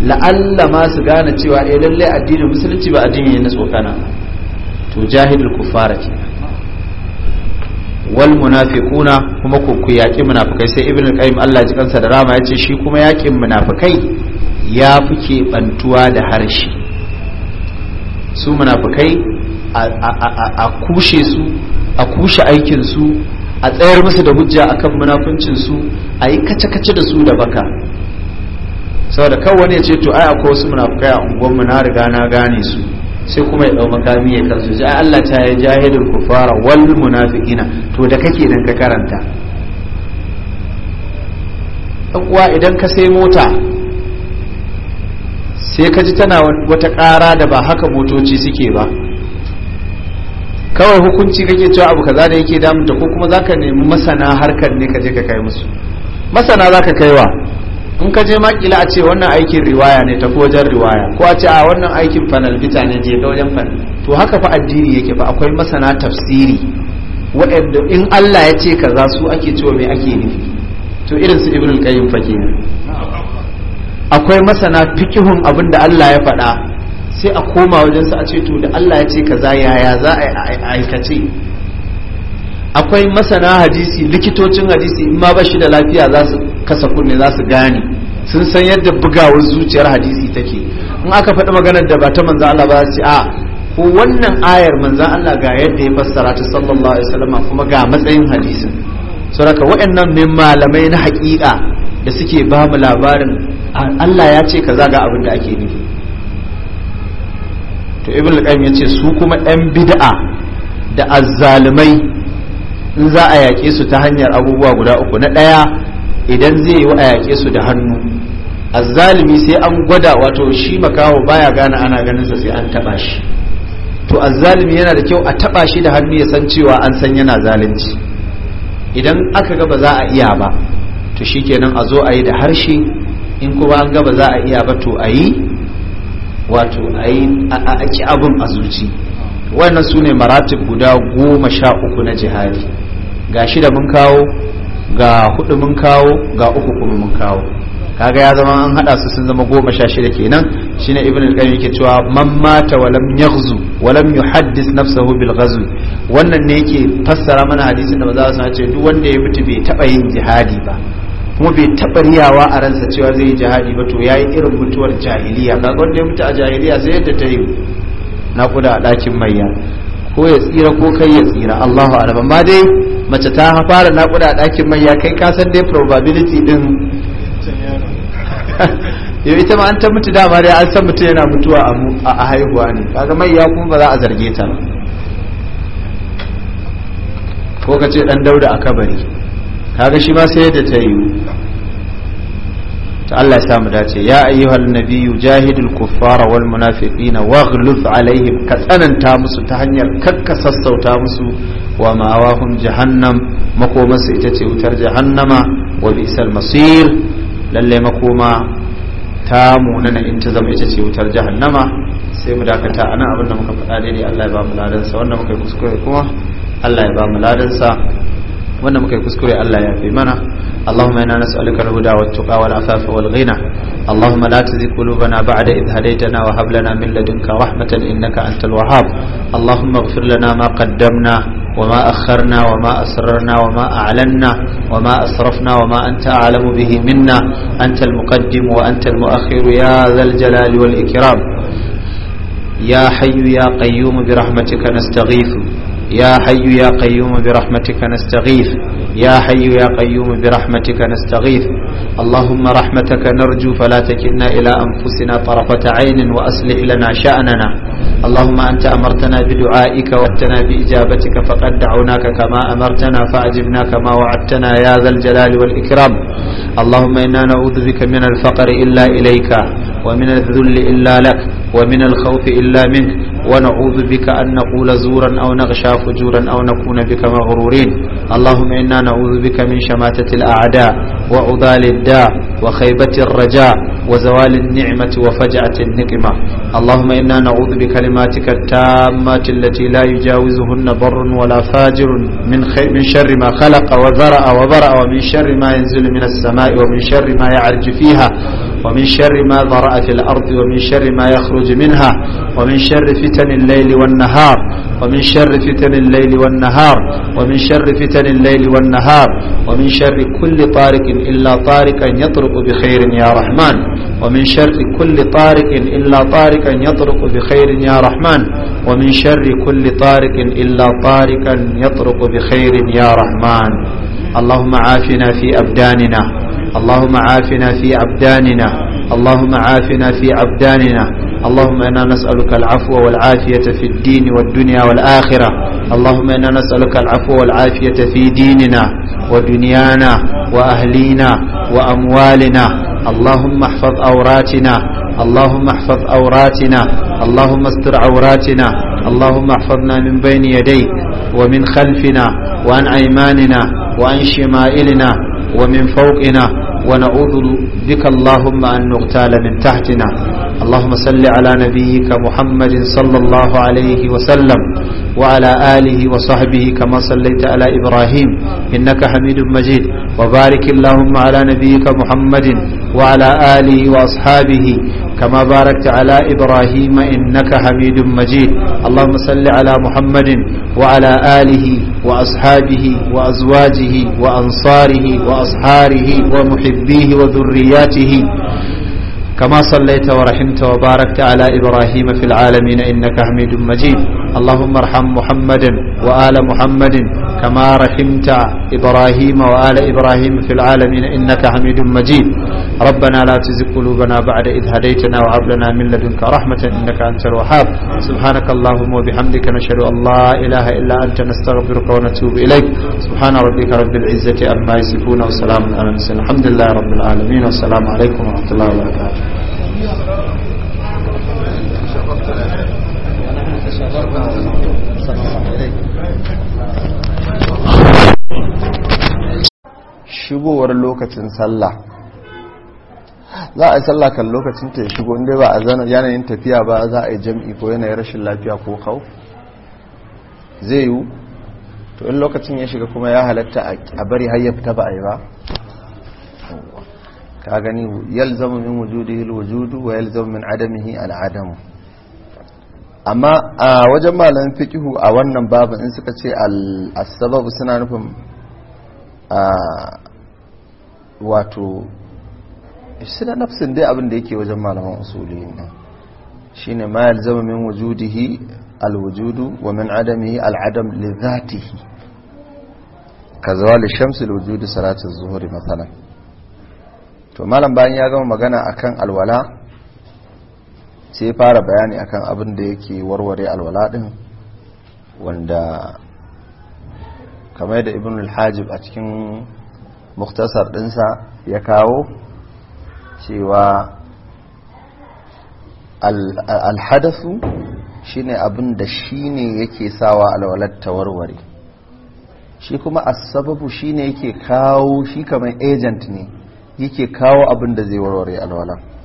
la'alla ma su gane cewa eh lalle addinin musulunci ba addini ne na tsokana to jahilul kufara ke wal munafiquna kuma ku ku yaƙi munafikai sai ibnu qayyim Allah ji kansa da rama yace shi kuma yaƙin munafikai ya fi bantuwa da harshe su munafukai a kushe su a kushe aikinsu a tsayar musu da hujja akan munafuncinsu a yi kace-kace da su da baka saboda kawai wani ya ce to ai akwai wasu munafukai a unguwanmu na riga na gane su sai kuma ya dau makami ya kansu ji Allah ta ya jahilul kufara wal munafiqina to da kake nan ka karanta uwa idan ka sai mota sai ka ji tana wata ƙara da ba haka motoci suke ba kawai hukunci kake cewa abu kaza da yake damunta ko kuma zaka nemi masana harkar ne ka je ka kai musu masana zaka kaiwa in ka je makila a ce wannan aikin riwaya ne tafi wajen riwaya ko a ce a wannan aikin fanal bita ne je ga wajen fanal to haka fa addini yake fa akwai masana tafsiri waɗanda in Allah ya ce kaza su ake cewa me ake nufi to irin su ibnul qayyim fa kenan akwai masana fikihun abin da Allah ya faɗa sai a koma wajensu a ce to da Allah ya ce kaza yaya za a aikace akwai masana hadisi likitocin hadisi in ma ba shi da lafiya za su kasa kunne za su gane sun san yadda bugawar zuciyar hadisi take in aka faɗi maganar da ba ta manzo Allah ba ce a ko wannan ayar manzo Allah ga yadda ya fassara ta sallallahu alaihi wasallam kuma ga matsayin hadisin saboda waɗannan ne malamai na haƙiƙa da suke ba mu labarin Allah ya ce kaza ga abin da ake nufi to ibn al-qayyim yace su kuma ɗan bid'a da azzalumai in za a yaƙe su ta hanyar abubuwa guda uku na ɗaya idan zai yi a yaƙe su da hannu azzalumi sai an gwada wato shi makaho baya gane ana ganin sa sai an taba shi to azzalumi yana da kyau a taba shi da hannu ya san cewa an san yana zalunci idan aka ga ba za a iya ba to shikenan a zo a yi da harshe in kuma an gaba za a iya ba to a yi wato a yi a ci abin a zuci wannan su ne maratib guda goma sha uku na jihadi ga shida mun kawo ga hudu mun kawo ga uku kuma mun kawo kaga ya zama an hada su sun zama goma sha shida kenan shine ibn al-qayyim yake cewa man mata wa yaghzu walam yuhaddis nafsahu bil ghazw wannan ne yake fassara mana hadisin da maza su ce duk wanda ya mutu bai taba yin jihadi ba kuma bai taɓa riyawa a ransa cewa zai yi jihadi ba to ya yi irin mutuwar jahiliya ga wanda ya mutu a jahiliya sai yadda ta yi naƙuda a ɗakin mayya ko ya tsira ko kai ya tsira Allahu a'lam amma dai mace ta fara naƙuda a ɗakin mayya kai ka san dai probability din yau ita ma an ta mutu dama dai an san mutum yana mutuwa a haihuwa ne kaga mayya kuma ba za a zarge ta ko ka ce dan dauda a kabari kaga shi ma sai yadda ta yi ta Allah ya mu dace ya ayyuhal nabiyyu jahidul kuffara wal munafiqina waghluz alaihim ka tsananta musu ta hanyar kakka sassauta musu wa ma'awahum jahannam su ita ce wutar jahannama wa bi'sal masir lalle makoma ta munana in ta zama ita ce wutar jahannama sai mu dakata a nan abinda muka faɗa daidai Allah ya ba mu sa wanda muka yi kuskure kuma Allah ya ba mu sa. wanda muka yi kuskure Allah ya fi mana Allahumma inna nas'aluka al-huda wat tuqa wal afafa wal ghina Allahumma la tuzigh qulubana ba'da idh hadaytana wa hab lana min ladunka rahmatan innaka antal wahhab Allahumma ighfir lana ma qaddamna وما أخرنا وما أسررنا وما أعلنا وما أسرفنا وما أنت أعلم به منا أنت المقدم وأنت المؤخر يا ذا الجلال والإكرام يا حي يا قيوم برحمتك نستغيث يا حي يا قيوم برحمتك نستغيث يا حي يا قيوم برحمتك نستغيث اللهم رحمتك نرجو فلا تكلنا إلى أنفسنا طرفة عين وأصلح لنا شأننا اللهم أنت أمرتنا بدعائك وأتنا بإجابتك فقد دعوناك كما أمرتنا فأجبنا كما وعدتنا يا ذا الجلال والإكرام اللهم إنا نعوذ بك من الفقر إلا إليك ومن الذل إلا لك ومن الخوف إلا منك ونعوذ بك أن نقول زورا أو نغشى فجورا أو نكون بك مغرورين اللهم إنا نعوذ بك من شماتة الأعداء وعضال الداء وخيبة الرجاء وزوال النعمة وفجعة النقمة اللهم إنا نعوذ بكلماتك التامات التي لا يجاوزهن بر ولا فاجر من, خي من شر ما خلق وذرأ وبرأ ومن شر ما ينزل من السماء ومن شر ما يعرج فيها ومن شر ما ضرأ في الأرض ومن شر ما يخرج منها ومن شر فتن الليل والنهار ومن شر فتن الليل والنهار ومن شر فتن الليل والنهار ومن شر كل طارق إلا طارقا يطرق بخير يا رحمن ومن شر كل طارق إلا طارقا يطرق بخير يا رحمن ومن شر كل طارق إلا طارقا يطرق بخير يا رحمن اللهم عافنا في أبداننا اللهم عافنا في أبداننا اللهم عافنا في أبداننا اللهم إنا نسألك العفو والعافية في الدين والدنيا والآخرة اللهم إنا نسألك العفو والعافية في ديننا ودنيانا وأهلينا وأموالنا اللهم احفظ أوراتنا اللهم احفظ أوراتنا اللهم استر عوراتنا اللهم احفظنا من بين يديك ومن خلفنا وعن أيماننا وعن شمائلنا ومن فوقنا ونعوذ بك اللهم أن نغتال من تحتنا اللهم صل على نبيك محمد صلى الله عليه وسلم وعلى آله وصحبه كما صليت على إبراهيم إنك حميد مجيد وبارك اللهم على نبيك محمد وعلى آله وأصحابه كما باركت على إبراهيم إنك حميد مجيد اللهم صل على محمد وعلى آله وأصحابه وأزواجه وأنصاره وأصحاره ومحبيه وذرياته كما صليت ورحمت وباركت على إبراهيم في العالمين إنك حميد مجيد اللهم ارحم محمدا وآل محمد كما رحمت إبراهيم وآل إبراهيم في العالمين إنك حميد مجيد ربنا لا تزغ قلوبنا بعد إذ هديتنا وهب لنا من لدنك رحمة إنك أنت الوهاب سبحانك اللهم وبحمدك نشهد أن لا إله إلا أنت نستغفرك ونتوب إليك سبحان ربك رب العزة عما يصفون وسلام على المرسلين الحمد لله رب العالمين والسلام عليكم ورحمة الله وبركاته shigowar lokacin sallah za a yi sallah kan lokacin ta ya shigo inda ba a yanayin tafiya ba za a yi jam'i ko yanayin rashin lafiya ko kawo zai yiwu to in lokacin ya shiga kuma ya halatta a bari har fita ba a yi ba ka gani yalzamin min wa yalzamin adamihi al'adamu amma a wajen malamin fikihu a wannan babu in suka ce al-sababu suna nufin wato suna nafsin dai abin da yake wajen malaman usuli ne shine ma yalzama min wujudihi al-wujudu wa min adamihi al-adam li dhatihi kazawali shamsi al-wujudu salatu az-zuhri masalan to malam bayan ya gama magana akan alwala sai fara bayani akan abin da yake warware alwala din wanda kamar da ibn al-hajib a cikin muktasar dinsa ya kawo cewa alhadasu shine abin da shine yake sawa alwalar ta warware shi kuma asababu shine yake kawo shi kamar agent ne yake kawo abin da zai warware alwalan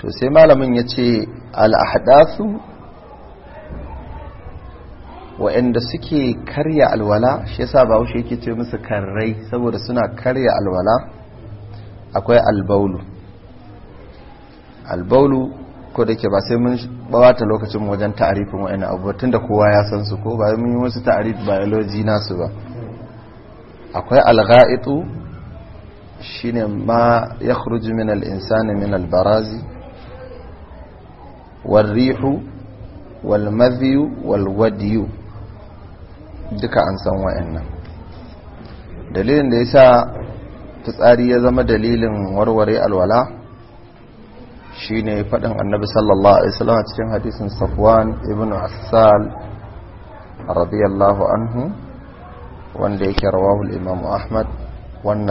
to sai malamin ya ce al'ahadasu wa'anda suke karya alwala shi yasa ba wushe yake ce musu karrai saboda suna karya alwala akwai albaulu albaulu ko da ke ba sai mun bawata lokacin wajen ta'arifin wa'ina tun da kowa ya san su ko ba mun yi wasu ta'arif biology nasu ba akwai alga'itu shine ma ya min al-insani min al-barazi warrihu walmadhiyu walwadiyu duka an san wa'annan dalilin da ya sa fitsari ya zama dalilin warware alwala shine faɗin annabi sallallahu alaihi wasallam a cikin hadisin safwan ibn asal radiyallahu anhu wanda yake rawahu al-imam ahmad wan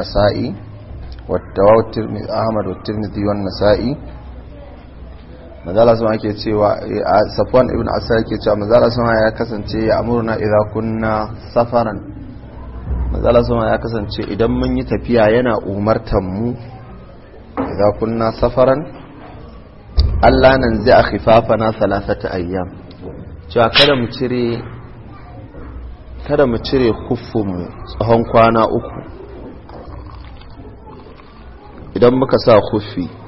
wa manzala sun ake cewa eh, a safwan ibn asar yake cewa manzala sun ya kasance ya amurna idan kunna safaran manzala sun ya kasance idan mun yi tafiya yana umartan mu idan kunna safaran Allah nan zai a kifafa na salasata ayyam cewa kada mu cire kada mu cire huffinmu tsohon kwana uku idan muka sa kufi